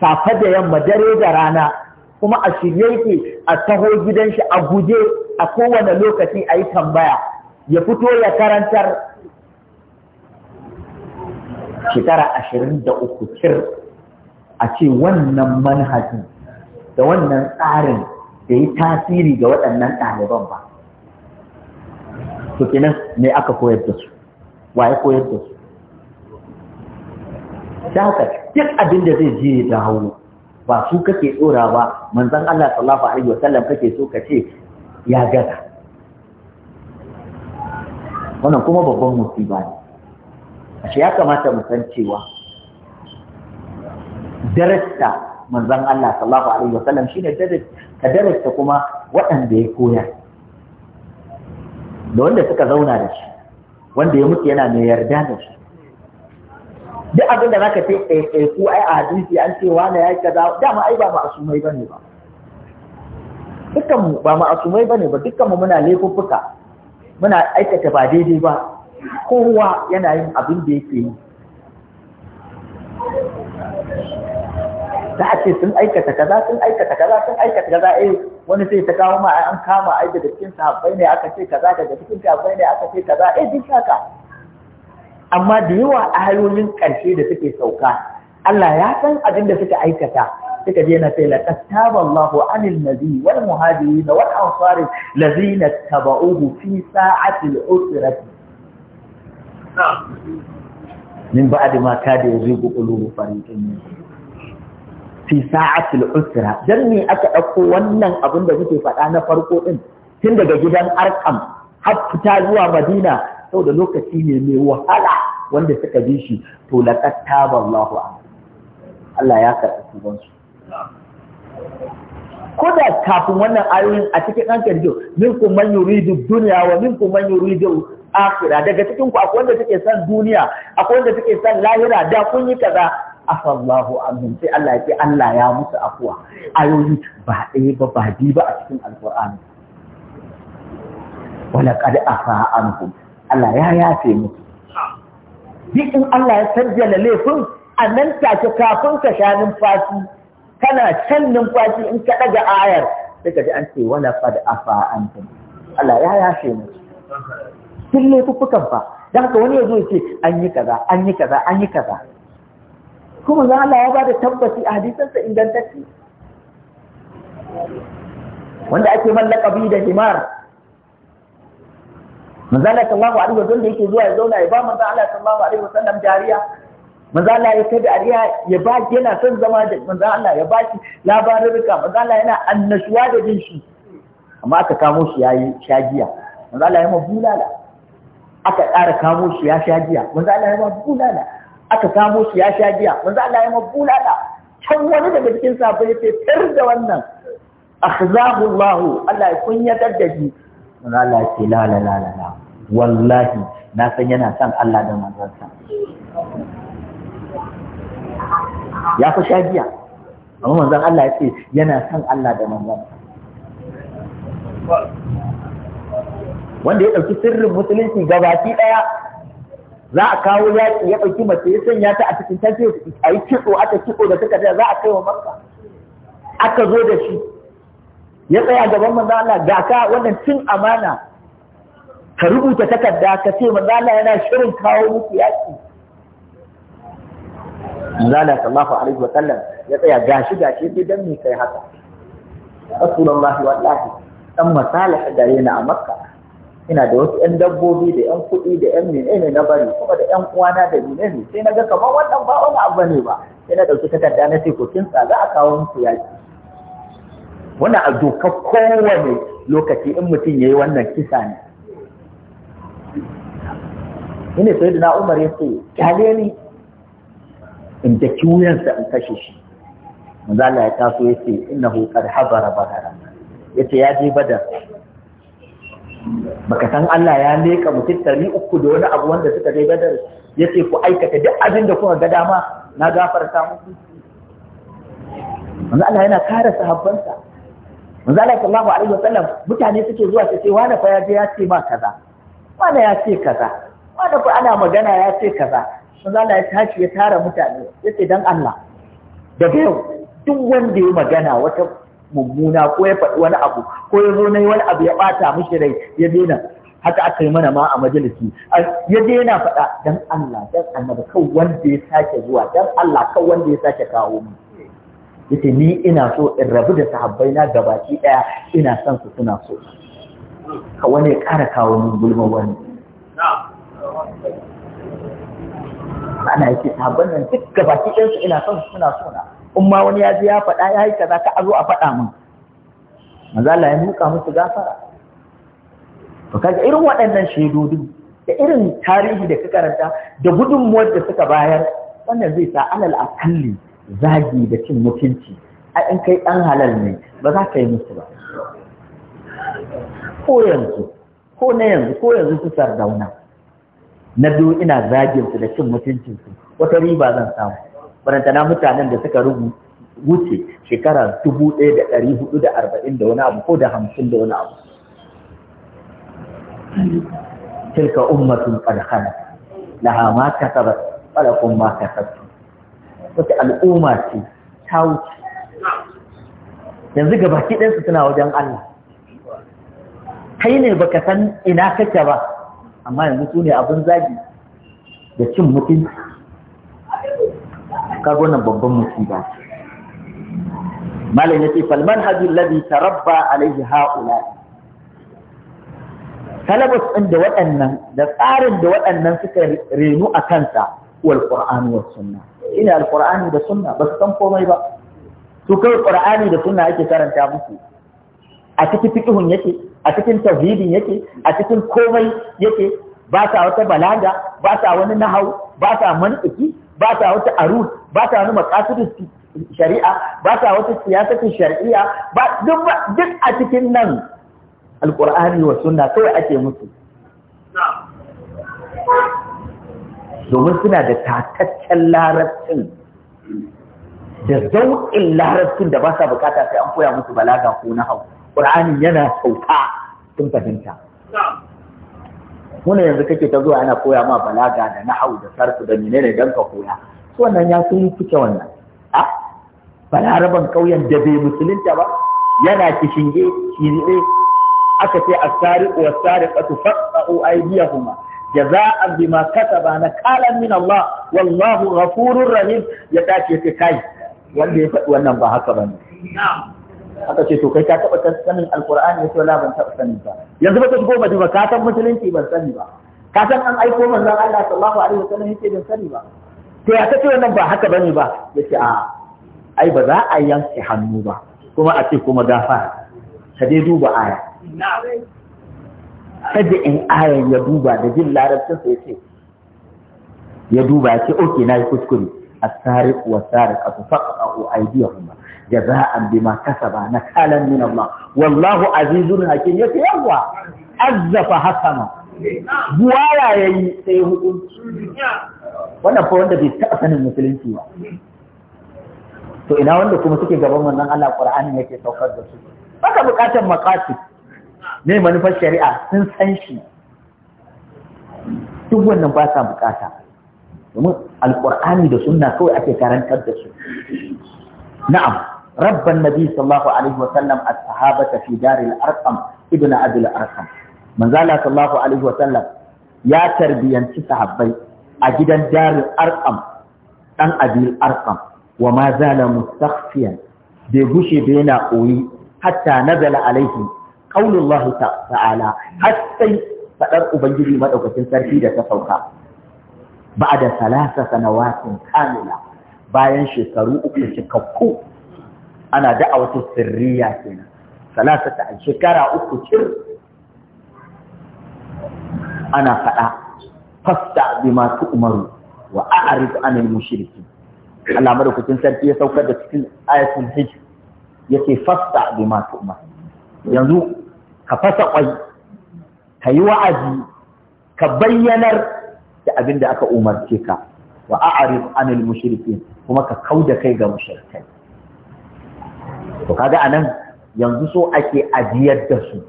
safe da yamma dare da rana kuma a shirye yake a taho gidan shi a guje a kowane lokaci a yi tambaya ya fito ya karantar shekara ashirin da uku cir a ce wannan manhajin da wannan tsarin da yi tasiri ga waɗannan ɗaliban ba. To kenan me aka koyar da su? wa ya koyar da su da haka duk abin da zai je da hawo ba su kake tsora ba manzon Allah sallallahu alaihi wasallam kake so ka ce ya gaza wannan kuma babban musiba ne ashe ya kamata mu san cewa darasta manzon Allah sallallahu alaihi wasallam shine ka darasta kuma waɗanda ya koya da wanda suka zauna da shi wanda ya mutu yana mai yarda da shi duk abin da zaka ce a eh, eh, ku ai a hadisi an ce na ya kaza dama ai ba ma'asumai bane ba dukkan mu ba ma'asumai bane ba dukkan mu muna laifuffuka muna aikata ba daidai ba kowa yana yin abin da yake yi za a ce sun aikata kaza sun aikata kaza sun aikata kaza eh wani sai ta kawo ma an kama ai daga cikin sahabbai ne aka ce kaza daga cikin sahabbai ne aka ce kaza eh duk haka amma da yawa a ayoyin ƙarshe da suke sauka Allah ya san abin da suka aikata suka je na sai laqad taballahu anil nabi wal muhajirin wal ansari lazina tabauhu fi sa'atil usrati min ba'di ma kada yuzigu qulubu fariqin minhum fi sa'atul usra dan me aka ɗauko wannan abin da kuke faɗa na farko din, tun daga gidan arkam har fita zuwa madina saboda lokaci ne mai wahala wanda suka bi shi to laqad taballahu Allah ya karɓi su ko da kafin wannan ayoyin a cikin an karjo min ku man yuridu dunya wa min ku man yuridu akhirah daga cikin ku akwai wanda take son duniya akwai wanda take son lahira da kun yi kaza afallahu anhum sai Allah ya ce Allah ya musu afuwa ayoyi ba ɗaya ba ba biyu ba a cikin alqur'ani wala qad afa anhum Allah ya yafe musu duk in Allah ya da laifin a nan take kafin ka sha numfashi kana can numfashi in ka daga ayar sai ka ji an ce wala qad afa anhum Allah ya yafe musu sun laifukan ba dan haka wani ya zo ya ce an yi kaza an yi kaza an yi kaza kuma za Allah ya bada tabbaci a hadisansa ingantacce wanda ake mallaka bi da himar manzo Allah sallallahu alaihi wasallam da yake zuwa ya zauna ya ba manzo Allah sallallahu alaihi wasallam jariya manzo Allah ya kai dariya ya ba yana son zama da manzo Allah ya ba shi labarin rika manzo Allah yana annashuwa da jin shi amma aka kamo shi yayi shagiya manzo Allah ya ma bulala aka ƙara kamo shi ya shagiya manzo Allah ya ma bulala aka samo shi ya sha giya manzo Allah ya mabulala can wani daga cikin sahabbai ya ce tar da wannan akhzahu Allah Allah ya kunyatar da shi manzo Allah ya ce la la la la wallahi na san yana san Allah da manzansa ya fa sha giya amma manzon Allah ya ce yana san Allah da manzansa wanda ya ɗauki sirrin musulunci gabaki ɗaya za a kawo yaƙi ya ɗauki mace ya sanya ta a cikin tanti a yi kitso aka kitso da suka za a kai wa makka aka zo da shi ya tsaya gaban manzo Allah ga ka wannan cin amana ka rubuta takarda ka ce manzo Allah yana shirin kawo muku yaki. manzo Allah sallallahu alaihi wa sallam ya tsaya gashi gashi sai dan me kai haka rasulullahi wallahi dan masalaha gare ni a makka ina da wasu ƴan dabbobi da ƴan kuɗi da 'yan menene na bari kuma da ƴan uwana da menene sai na ga kamar wannan ba wani abu ne ba sai na ɗauki takarda na ce ko kin za a kawo muku yaki wannan a doka kowane lokaci in mutum ya yi wannan kisa ne ina sai da umar ya ce kyale ni in da kiwuyansa in kashe shi manzala ya taso ya ce innahu qad habara badara ya ce ya je badar baka san Allah ya leka mutum ɗari uku da wani abu wanda suka je badar ya ce ku aikata duk abin da kuma ga dama na gafarta muku wanda Allah yana kare sahabbansa wanda Allah sallallahu alaihi wasallam mutane suke zuwa su ce wani fa ya je ya ce ma kaza wani ya ce kaza wani fa ana magana ya ce kaza wanda Allah ya tashi ya tara mutane ya ce dan Allah daga yau duk wanda ya magana wata mummuna ko ya faɗi wani abu ko ya zo na yi wani abu ya ɓata mishi rai ya daina haka aka yi mana ma a majalisi ya daina faɗa dan Allah dan annabi kan wanda ya sake zuwa dan Allah kan wanda ya sake kawo mu yace ni ina so in rabu da sahabbai na gabaki daya ina son su suna so ka wani ya ƙara kawo min gulma wani ana yake sahabban nan duk gabaki ɗayan su ina son su suna so na in ma wani ya je ya faɗa ya yi kaza ka a zo a faɗa min manzo Allah ya muka musu gafara to kaga irin waɗannan shaidodin da irin tarihi da ka karanta da gudunmuwar da suka bayar wannan zai sa alal akalli zagi da cin mutunci a in kai ɗan halal ne ba za ka yi musu ba ko yanzu ko na yanzu ko yanzu su sardauna na biyu ina zagin su da cin mutuncinsu wata riba zan samu barantana mutanen da suka rubu wuce shekara dubu ɗaya da ɗari hudu da arba'in da wani abu ko da hamsin da wani abu tilka ummatun qad khalat laha ma kasabat wa lakum ma kasabtum wata al'umma ce ta wuce yanzu gaba su suna wajen Allah kai ne baka san ina kake ba amma yanzu su ne abin zagi da cin mutunci kaga wannan babban musiba malam yace fal manhajul ladhi tarabba alaihi haula talabus din da waɗannan da tsarin da waɗannan suka renu a kansa wal qur'an was sunna ina al qur'ani da sunna ba su san komai ba su kai qur'ani da sunna ake karanta muku? a cikin fiqhun yake a cikin tauhidin yake a cikin komai yake ba ta wata balaga ba ta wani nahau ba ta mantiki ba ta wata arus ba ta wani makasidin shari'a ba ta wata siyasatin shari'a ba duk a cikin nan alkur'ani wa suna kawai ake mutu. domin suna da takaccen larabcin da zauƙin larabcin da ba sa bukata sai an koya musu balaga ko na hau ƙur'ani yana sauka sun fahimta muna yanzu kake ta zuwa ana koya ma balaga da na hau da sarfu da menene don ka koya wannan ya sun cike wannan a balaraban ƙauyen da bai musulunta ba yana kishinge shirye aka ce a sari wa sari ƙasu fasa'u aidiyahuma jaza'an kasa ba na kalan min Allah wallahu ghafurur rahim ya tace ce kai wanda ya faɗi wannan ba haka ba ne. aka ce to kai ka taɓa sanin alqur'ani ya ce la ban taɓa sanin ba yanzu ba ka shigo ba ka san musulunci ban sani ba ka san an aiko manzon Allah sallallahu alaihi wasallam yake ban sani ba ta ya kace wannan ba haka bane ba yace a ai ba za a yanke hannu ba kuma a ce kuma gafa ka dai duba aya kaje in ayan ya duba da jin larabcin sa yace ya duba ce, okay na yi kuskure as-sariq wa a faqa'u ma jaza'an ba na nakalan nuna ma. wallahu azizun hakim yace yawa azzafa hasana buwaya yayi sai hukunci wannan fa wanda bai taɓa sanin musulunci ba to ina wanda kuma suke gaban wannan Allah Qur'ani yake saukar da su baka bukatar maqasid ne manufar shari'a sun san shi duk wannan ba sa bukata domin alqur'ani da sunna kawai ake karantar da su na'am rabban النبي صلى الله عليه وسلم الصحابة في fi daril arqam أبي abdul arqam manzala sallallahu alaihi wa sallam ya tarbiyanci sahabbai a gidan darul arkam dan abil arkam wa ma zala mustakhfiyan bai gushe da yana koyi hatta nazala alaihi qaulullahi ta'ala har sai fadar ubangiji madaukakin sarki da ta sauka ba'da salasa sanawatin kamila bayan shekaru uku cikakku ana da'awatu sirriya kenan salasata shekara uku cir ana faɗa fasta bima Umaru wa a'rid 'anil mushriki Allah madaukakin sarki ya saukar da cikin ayatul hijj yake fasta bima Umaru. yanzu ka fasa kwai ka yi wa'azi ka bayyanar da abin da aka umarce ka wa a'rid 'anil mushriki kuma ka kauda kai ga mushrikai to kaga anan yanzu so ake ajiyar da su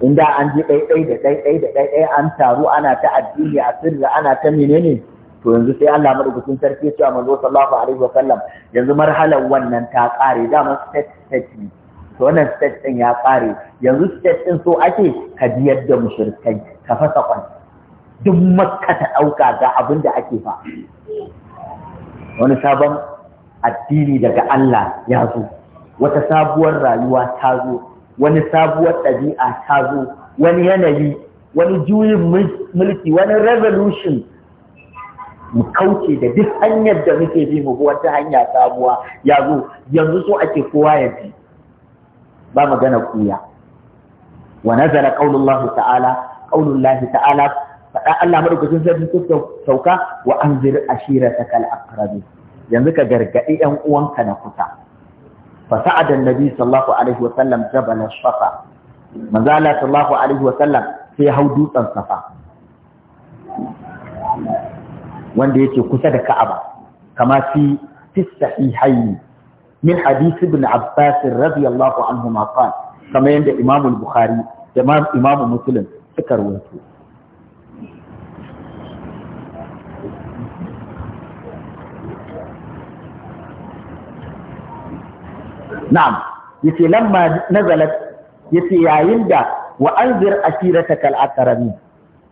In da an ji ɗaiɗai da ɗaiɗai da ɗaiɗai an taru ana ta addini a sirri ana ta menene to yanzu sai Allah madaukakin sarki ya manzo sallallahu alaihi wa sallam yanzu marhalar wannan ta ƙare dama state state ne to wannan state din ya ƙare yanzu state din so ake ka biyar da mushrikai ka fasa kwan duk makka ta ɗauka ga abin da ake fa wani sabon addini daga Allah ya zo wata sabuwar rayuwa ta zo wani sabuwar ɗabi'a ta zo wani yanayi wani juyin mulki wani revolution mu kauce da duk hanyar da muke bi mu wata hanya sabuwa ya zo yanzu so ake kowa ya bi ba magana kuya wa nazala qaulullah ta'ala faɗa ta'ala fada Allah madaukakin sarki ko sauka wa anzir ashirataka aqrabi yanzu ka gargadi yan uwanka na kusa فسعد النبي صلى الله عليه وسلم جبل الصفا manzo Allah sallallahu alaihi wasallam sai hau dutsen safa wanda yake kusa da Ka'aba kama fi fi sahihayn min hadith ibn Abbas radiyallahu anhu ma qala kama yanda Imam al-Bukhari da Imam Muslim suka rawaito na'am yace lamma nazalat yace yayin da wa anzir ashirataka al-aqrabin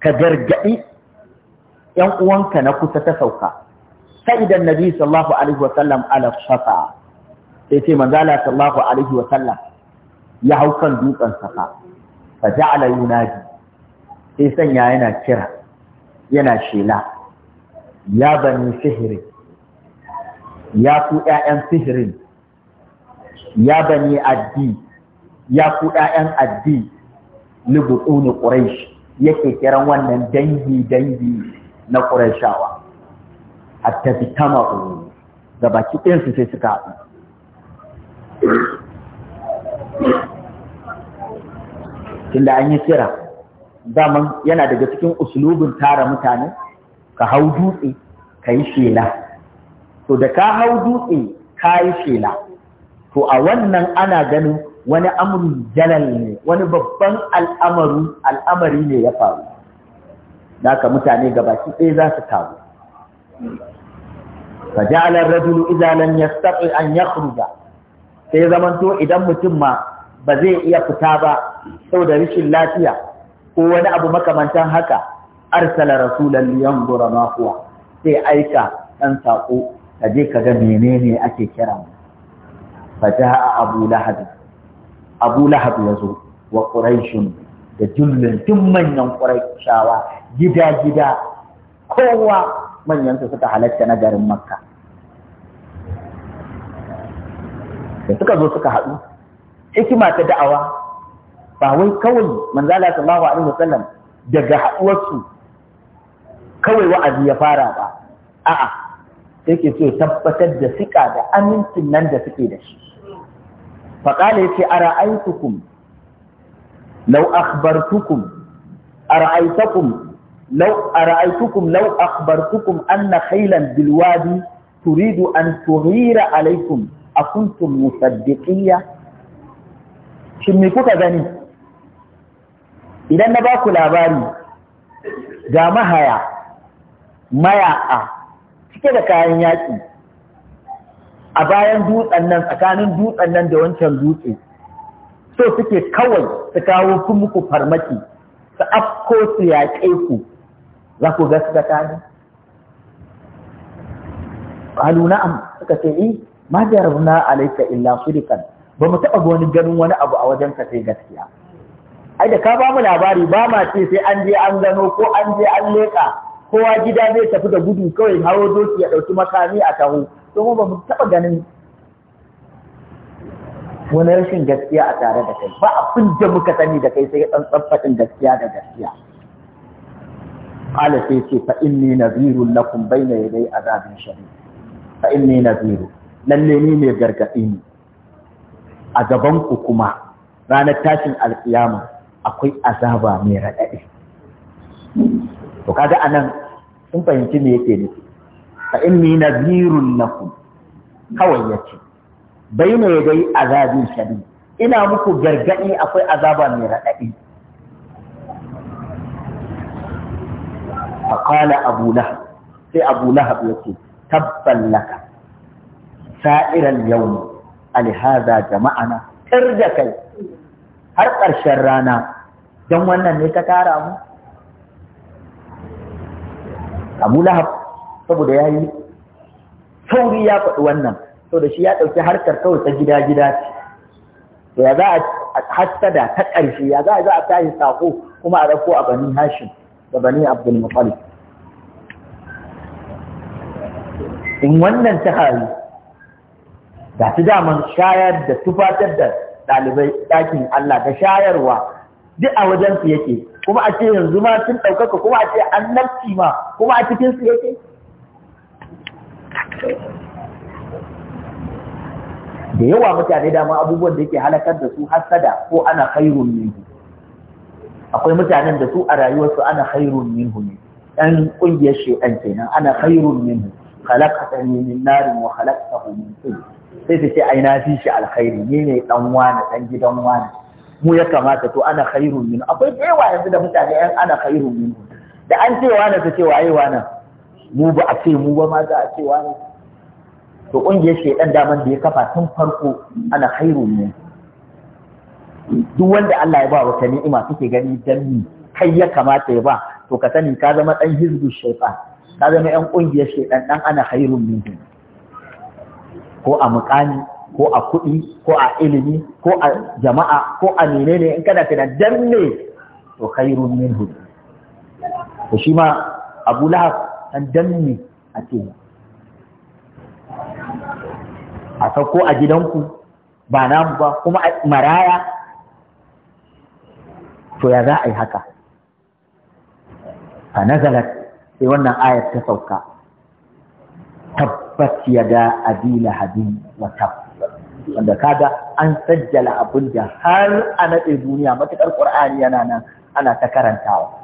ka gargadi yan uwanka na kusa ta sauka sai da nabi sallallahu alaihi wa sallam ala safa yace manzo Allah alaihi wa ya hau kan dutsen safa fa ja'ala yunadi sai sanya yana kira yana shela ya bani sihiri ya ku ƴaƴan sihirin ya bani addi ya ku ɗayan addi libutuni quraish yake kiran wannan dangi dangi na qurayshawa hatta fitamaru da baki ɗayan su sai suka haɗu tunda an yi kira daman yana daga cikin uslubin tara mutane ka hau dutse ka yi shela to da ka hau dutse ka yi shela to a wannan ana ganin wani amurin jalal ne wani babban al'amari ne ya faru naka mutane gabaki ɗaya za su taru fa ja'ala ar-rajulu idza lam yastati an yakhruja sai zamanto idan mutum ma ba zai iya fita ba sau da rashin lafiya ko wani abu makamantan haka arsala rasulan liyanzura ma huwa sai aika ɗan sako ka je ka ga menene ake kira mu faja'a abu lahab abu lahab ya zo wa quraishun da jullun duk manyan quraishawa gida gida kowa manyan su suka halarta na garin makka da suka zo suka haɗu hikima ta da'awa ba wai kawai manzala sallallahu alaihi wasallam daga haɗuwarsu kawai wa'azi ya fara ba a'a sai ke so tabbatar da sika da amincin nan da suke da shi faƙala ya ce a ra'aitukum lau akhbartukum a ra'aitakum a ra'aitukum lau akhbartukum anna turidu an tuhira alaikum a kuntum musaddiqiyya shin me kuka gani idan na baku labari da mahaya maya'a cike da kayan yaƙi a bayan dutsen nan tsakanin dutsen nan da wancan dutse so suke kawai su kawo su muku farmaki su afko su yaƙe ku za ku ga ga kani qalu na'am suka ce eh ma jarabna alayka illa surikan ba mu taɓa wani ganin wani abu a wajen ka sai gaskiya ai da ka ba mu labari ba ma ce sai an je an gano ko an je an leƙa kowa gida zai tafi da gudu kawai hawo doki ya ɗauki makami a taho domin ba mu taɓa ganin wani rashin gaskiya a tare da kai ba abin da muka sani da kai sai ɗan tsaffatin gaskiya da gaskiya qala sai ce fa inni nadhirun lakum bayna yaday azabin shadid fa inni nadhiru lalle ni ne gargadi ne a gaban ku kuma ranar tashin alkiyama akwai azaba mai raɗaɗi to kaga anan sun fahimci me yake nufi fa inni nadhirun lakum kawai yace baina yadai azabin shadid ina muku gargadi akwai azaba mai radadi fa qala abu lahab sai abu lahab yace tabban yau sa'iral yawm alhaza jama'ana tar kai har karshen rana don wannan ne ka tara mu abu saboda ya yi sauri ya faɗi wannan Sau da shi ya ɗauki harkar kawai ta gida gida ce da ya za a da ta ƙarshe ya za a za a tashi sako kuma a ɗauko a bani Hashi da bani abdul mutalib in wannan ta hari ga su daman shayar da tufatar da ɗalibai ɗakin Allah da shayarwa duk a wajen yake kuma a ce yanzu ma sun ɗaukaka kuma a ce nafci ma kuma a cikin su yake da yawa mutane dama abubuwan da yake halakar da su hasada ko ana khairun minhu akwai mutanen da su a rayuwarsu ana khairun minhu ne ɗan ƙungiyar shekan kenan ana khairun minhu khalaqatani min narin wa khalaqtahu min tin sai ta ce ai na fi shi alkhairi ne ne dan wani dan gidan wani mu ya kamata to ana khairun minhu akwai da yawa yanzu da mutane ɗan ana khairun minhu da an ce wani ta ce waye wani mu ba a ce mu ba ma za a ce wani to ƙungiyar shaidan daman da ya kafa tun farko ana hairu ne duk wanda Allah ya ba wa ni'ima suke gani ni kai ya kamata ya ba to ka sani ka zama ɗan hizbu shaitan ka zama ƴan ƙungiyar shaidan ɗan ana hairu ne ko a muƙani ko a kuɗi ko a ilimi ko a jama'a ko a menene in kana tana danne to hairu ne to shi ma Abu Lahab an ne a cikin a sauko a gidanku ba namu ba kuma a maraya to ya za a yi haka a nazarar sai wannan ayar ta sauka tabbat ya da adila hadin wa wanda da an sajjala abin da har a natse duniya matuƙar ƙur'ani yana nan ana ta karantawa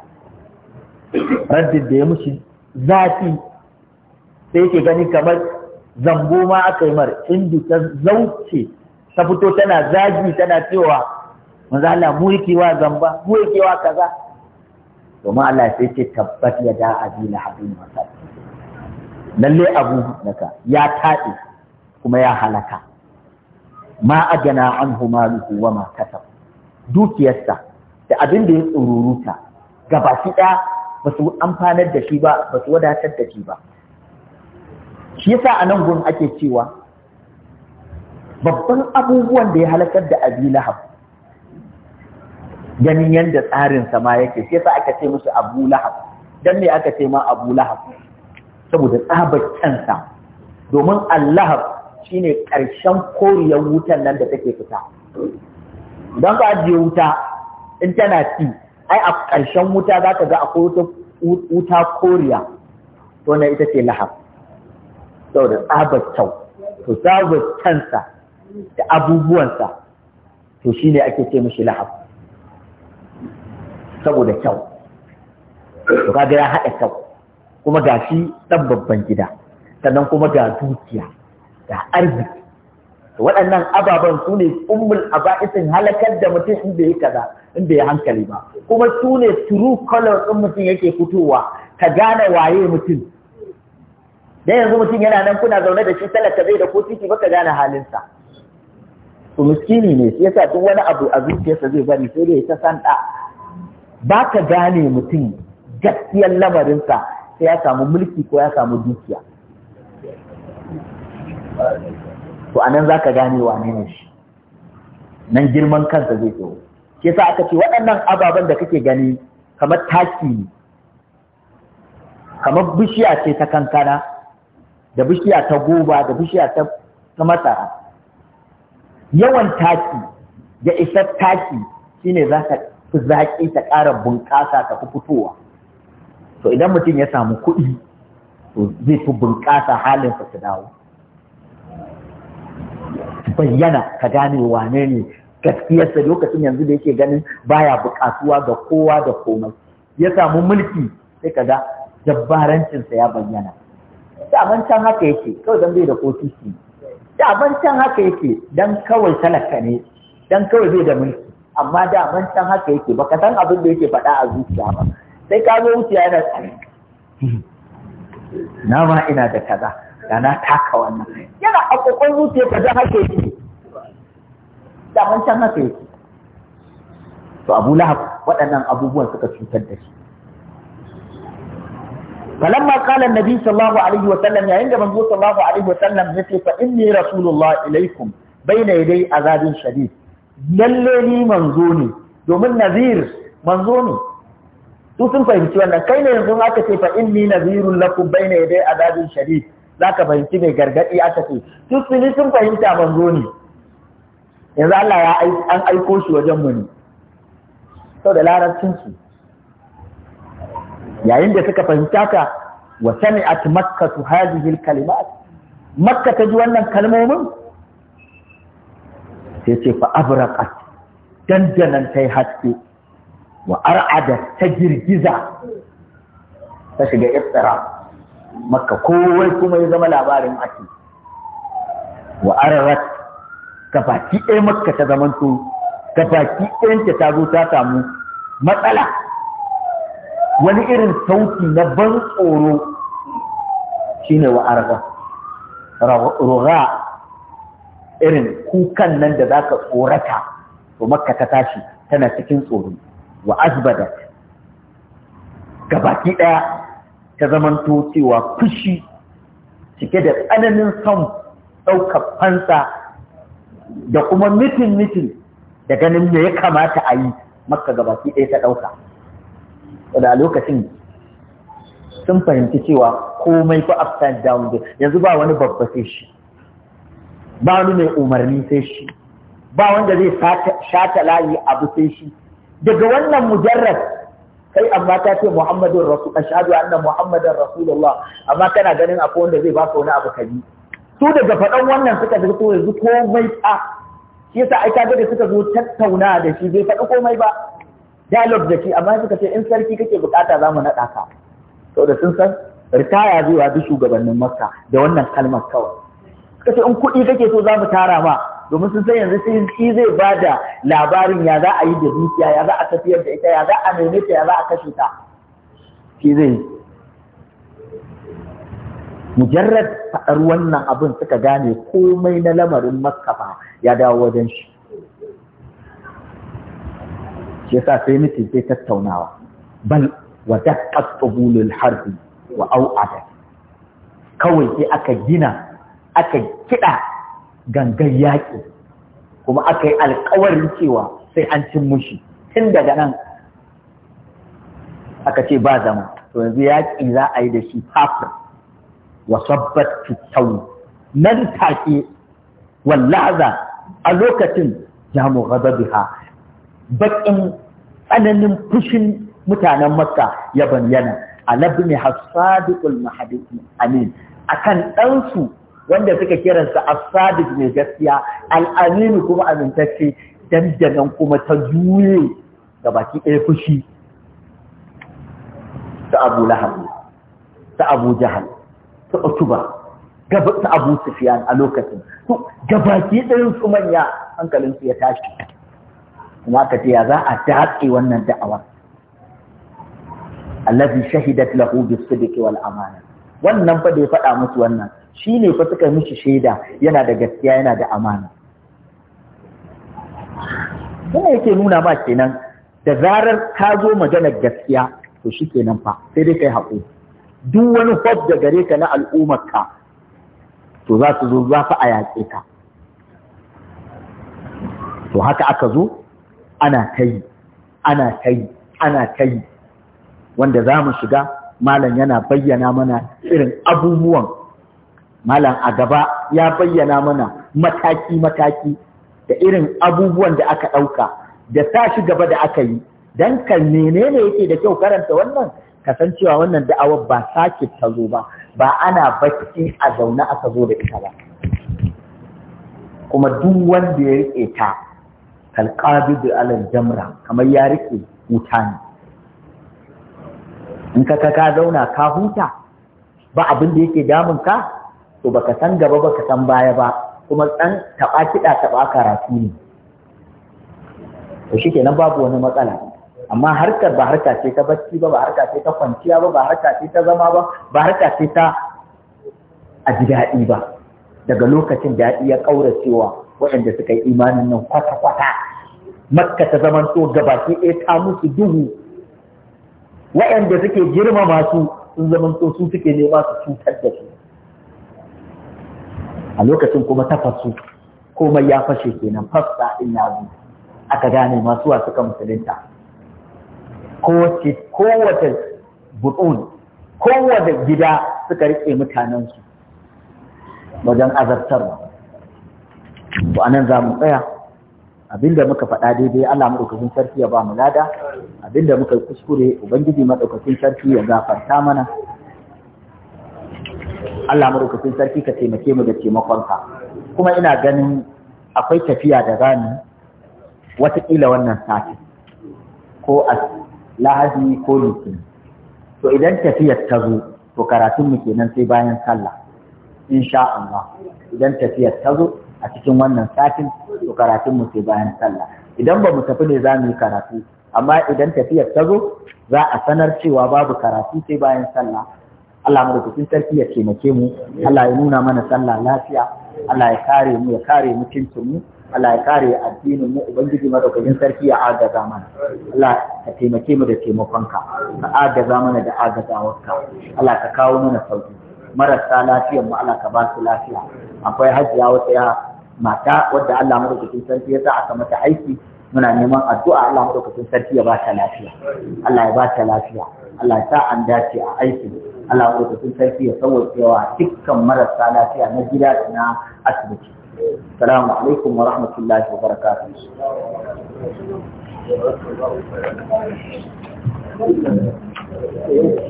raddin da ya mushi zafi sai ke gani kamar zambo ma aka yi mar indi ta zauce ta fito tana zagi tana cewa manzo Allah mu yake wa zamba mu yake wa kaza ma Allah sai ce tabbat ya da abi la habin masal lalle abu naka ya taɗe kuma ya halaka ma ajana anhu maluhu wa ma kasab dukiyarsa da abin da ya tsururuta ta, ki da basu amfanar da shi ba basu wadatar da shi ba shi yasa a nan gun ake cewa babban abubuwan da ya halakar da abi lahab ganin yadda tsarin sama yake shi yasa aka ce musu abu lahab dan me aka ce ma abu lahab saboda tsabar kansa domin allahab shine karshen koriyar wutan nan da take fita don ka ajiye wuta in tana ci ai a ƙarshen wuta za ka ga akwai wuta koriya to ita ce lahab saboda tsabar kyau to tsabar kansa da abubuwansa to shi ake ce mishi lahab saboda kyau to kaga ya haɗa kyau kuma ga shi ɗan babban gida sannan kuma ga dukiya ga arziki waɗannan ababen su ne ummul aba'isin halakar da mutum inda ya kaza inda ya hankali ba kuma su ne true color ɗin mutum yake fitowa ka gane waye mutum Na yanzu mutum yana nan kuna zaune da shi talaka zai da ko titi baka gane halinsa to miskini ne shi yasa duk wani abu a zuciyarsa zai bari sai dai ta sanda Baka gane mutum gaskiyar lamarinsa sai ya samu mulki ko ya samu dukiya to anan za gane wane ne shi nan girman kansa zai zo Ke sa aka ce waɗannan ababen da kake gani kamar taki ne kamar bishiya ce ta kankana da bishiya ta goba da bishiya ta masara yawan taki ya isa taki shine za ta fi zaƙi ta ƙara bunƙasa ta fi fitowa to idan mutum ya samu kuɗi to zai fi bunƙasa halinsa su dawo bayyana ka gane wane ne gaskiyarsa lokacin yanzu da yake ganin baya buƙatuwa ga kowa da komai ya samu mulki sai ka ga jabbarancinsa ya bayyana daman can haka yake kawai don bai da kofici daman can haka yake don kawai talaka ne don kawai bai da mulki amma daman can haka yake baka san abin da yake faɗa a zuciya ba sai ka zo wuce yana tsari na ma ina da kaza da na taka wannan yana a kokon wuce ka zan haka yake daman can haka yake to abu lahab waɗannan abubuwan suka cutar da shi falamma qala annabi sallallahu alaihi wa sallam yayin da manzo sallallahu alaihi wa sallam yace fa inni rasulullah ilaikum baina yaday azabin shadid lalle ni manzo ne domin nazir manzo ne su sun fahimci wannan kai ne yanzu aka ce fa inni nazirun lakum baina yaday azabin shadid zaka fahimci mai gargadi aka ce su sun sun fahimta manzo ne yanzu Allah an aiko shi wajen ne saboda larabcin yayin da suka fahimci haka wa sami'at makkatu hadhihi al-kalimat makka ta ji wannan kalmomin sai ce fa abraqat dandanan tai haske wa ar'ada ta girgiza ta shiga iftira makka kowai kuma ya zama labarin ake wa ararat gabaki ɗaya makka ta zamanto gabaki ɗayanta ta zo ta samu matsala wani irin sauti na ban tsoro shine wa arga roga irin kukan nan da za ka tsorata to maka ta tashi tana cikin tsoro wa asbada gabaki daya ta zamanto cewa fushi cike da tsananin son ɗaukar fansa da kuma mitin mitin da ganin me ya kamata a yi makka gabaki ɗaya ta ɗauka da lokacin sun fahimci cewa komai fa upside down yanzu ba wani babba sai shi ba wani mai umarni sai shi ba wanda zai shata layi abu sai shi daga wannan mujarrad kai amma ta ce muhammadun rasul ashhadu anna muhammadan rasulullah amma kana ganin akwai wanda zai baka wani abu kabi su daga faɗan wannan suka zai ko yanzu komai a shi yasa ai da suka zo tattauna da shi bai faɗi komai ba dialogue da shi amma suka ce in sarki kake bukata za mu naɗa ka da sun san ritaya zai duk shugabannin makka da wannan kalmar kawai suka ce in kuɗi kake so za mu tara ma domin sun san yanzu sai shi zai ba da labarin ya za a yi da dukiya ya za a tafiyar da ita ya za a nemi ta ya za a kashe ta shi zai mujarrad faɗar wannan abin suka gane komai na lamarin makka ya dawo wajen shi shi yasa sai mutum sai tattaunawa bal wa daqqat qubulul harbi wa au'ada kawai sai aka gina aka kida gangan yaƙi kuma aka yi alkawarin cewa sai an cin mushi tun daga nan aka ce ba zama to yanzu yaƙi za a yi da shi hafin wa sabbat fitawi nan take wallaza a lokacin jamu gaba biha baƙin tsananin fushin mutanen makka ya bayyana alabni hasadiqul mahadiq amin akan ɗansu wanda suka kiransa asadiq mai gaskiya al'amini kuma amintacce dandanan kuma ta juye ga baki ɗaya fushi ta abu lahab ta abu jahal ta utuba ta abu sufiyan a lokacin to gabaki ɗayan su manya hankalinsu ya tashi kuma aka ce ya za a datse wannan da'awar allazi shahidat lahu bis-sidqi wal amana wannan fa da ya faɗa musu wannan shine fa suka mishi shaida yana da gaskiya yana da amana kuma yake nuna ma kenan da zarar ka zo maganar gaskiya to shikenan fa sai dai kai haƙo. duk wani hof da gare ka na al'ummar ka to za su zo za su a yaƙe ka to haka aka zo ana ta ana ta ana ta wanda za mu shiga malam yana bayyana mana irin abubuwan malam a gaba ya bayyana mana mataki-mataki da irin abubuwan da aka ɗauka da sa shi gaba da aka yi don kan menene yake da kyau karanta wannan kasancewa wannan da'awar ba sake ta zo ba ba ana bacci a zaune aka zo da ita ba kuma duk wanda ya riƙe ta kalqabidu alal jamra kamar ya rike wuta ne in ka ka zauna ka huta ba abin da yake damun ka to baka san gaba baka san baya ba kuma ɗan taba kiɗa taba karatu ne to shikenan babu wani matsala amma harkar ba harka ce ta bacci ba ba harka ce ta kwanciya ba ba harka ce ta zama ba ba harka ce ta a daɗi ba daga lokacin daɗi ya cewa. waɗanda suka yi imanin nan kwata-kwata makka ta zaman to gabaki ɗaya ta musu duhu waɗanda suke girma masu sun zaman to su suke nema su cutar da su a lokacin kuma ta fasu komai ya fashe kenan fasa ɗin ya zo aka gane masu wasu suka musulunta kowace buɗun kowace gida suka riƙe mutanensu wajen azabtarwa to anan za mu tsaya abinda muka faɗa daidai Allah madaukakin sarki ya ba mu lada abinda muka kuskure ubangiji madaukakin sarki ya gafarta mana Allah madaukakin sarki ka taimake mu da taimakonka kuma ina ganin akwai tafiya da zani watakila wannan sati ko a lahadi ko litinin to idan tafiyar ta zo to karatunmu kenan sai bayan sallah insha Allah idan tafiyar ta zo a cikin wannan satin to karatun mu sai bayan sallah idan ba mu tafi ne za mu yi karatu amma idan tafiyar ta zo za a sanar cewa babu karatu sai bayan sallah Allah madaukakin sarki ya taimake mu Allah ya nuna mana sallah lafiya Allah ya kare mu ya kare mutuncin mu Allah ya kare addinin mu ubangiji madaukakin sarki ya agaza mana Allah ka taimake mu da taimakonka ka agaza mana da agazawarka Allah ka kawo mana sauki marasa lafiyar mu Allah ka ba su lafiya akwai hajiya wata ya mata wadda Allah madaukakin sarki ya sa aka mata aiki muna neman addu'a Allah madaukakin sarki ya ba ta lafiya Allah ya ba ta lafiya Allah ya sa an dace a aikin Allah madaukakin sarki ya sauwaƙewa dukkan marasa lafiya na gida da na asibiti alaikum wa rahmatullahi wa وبركاته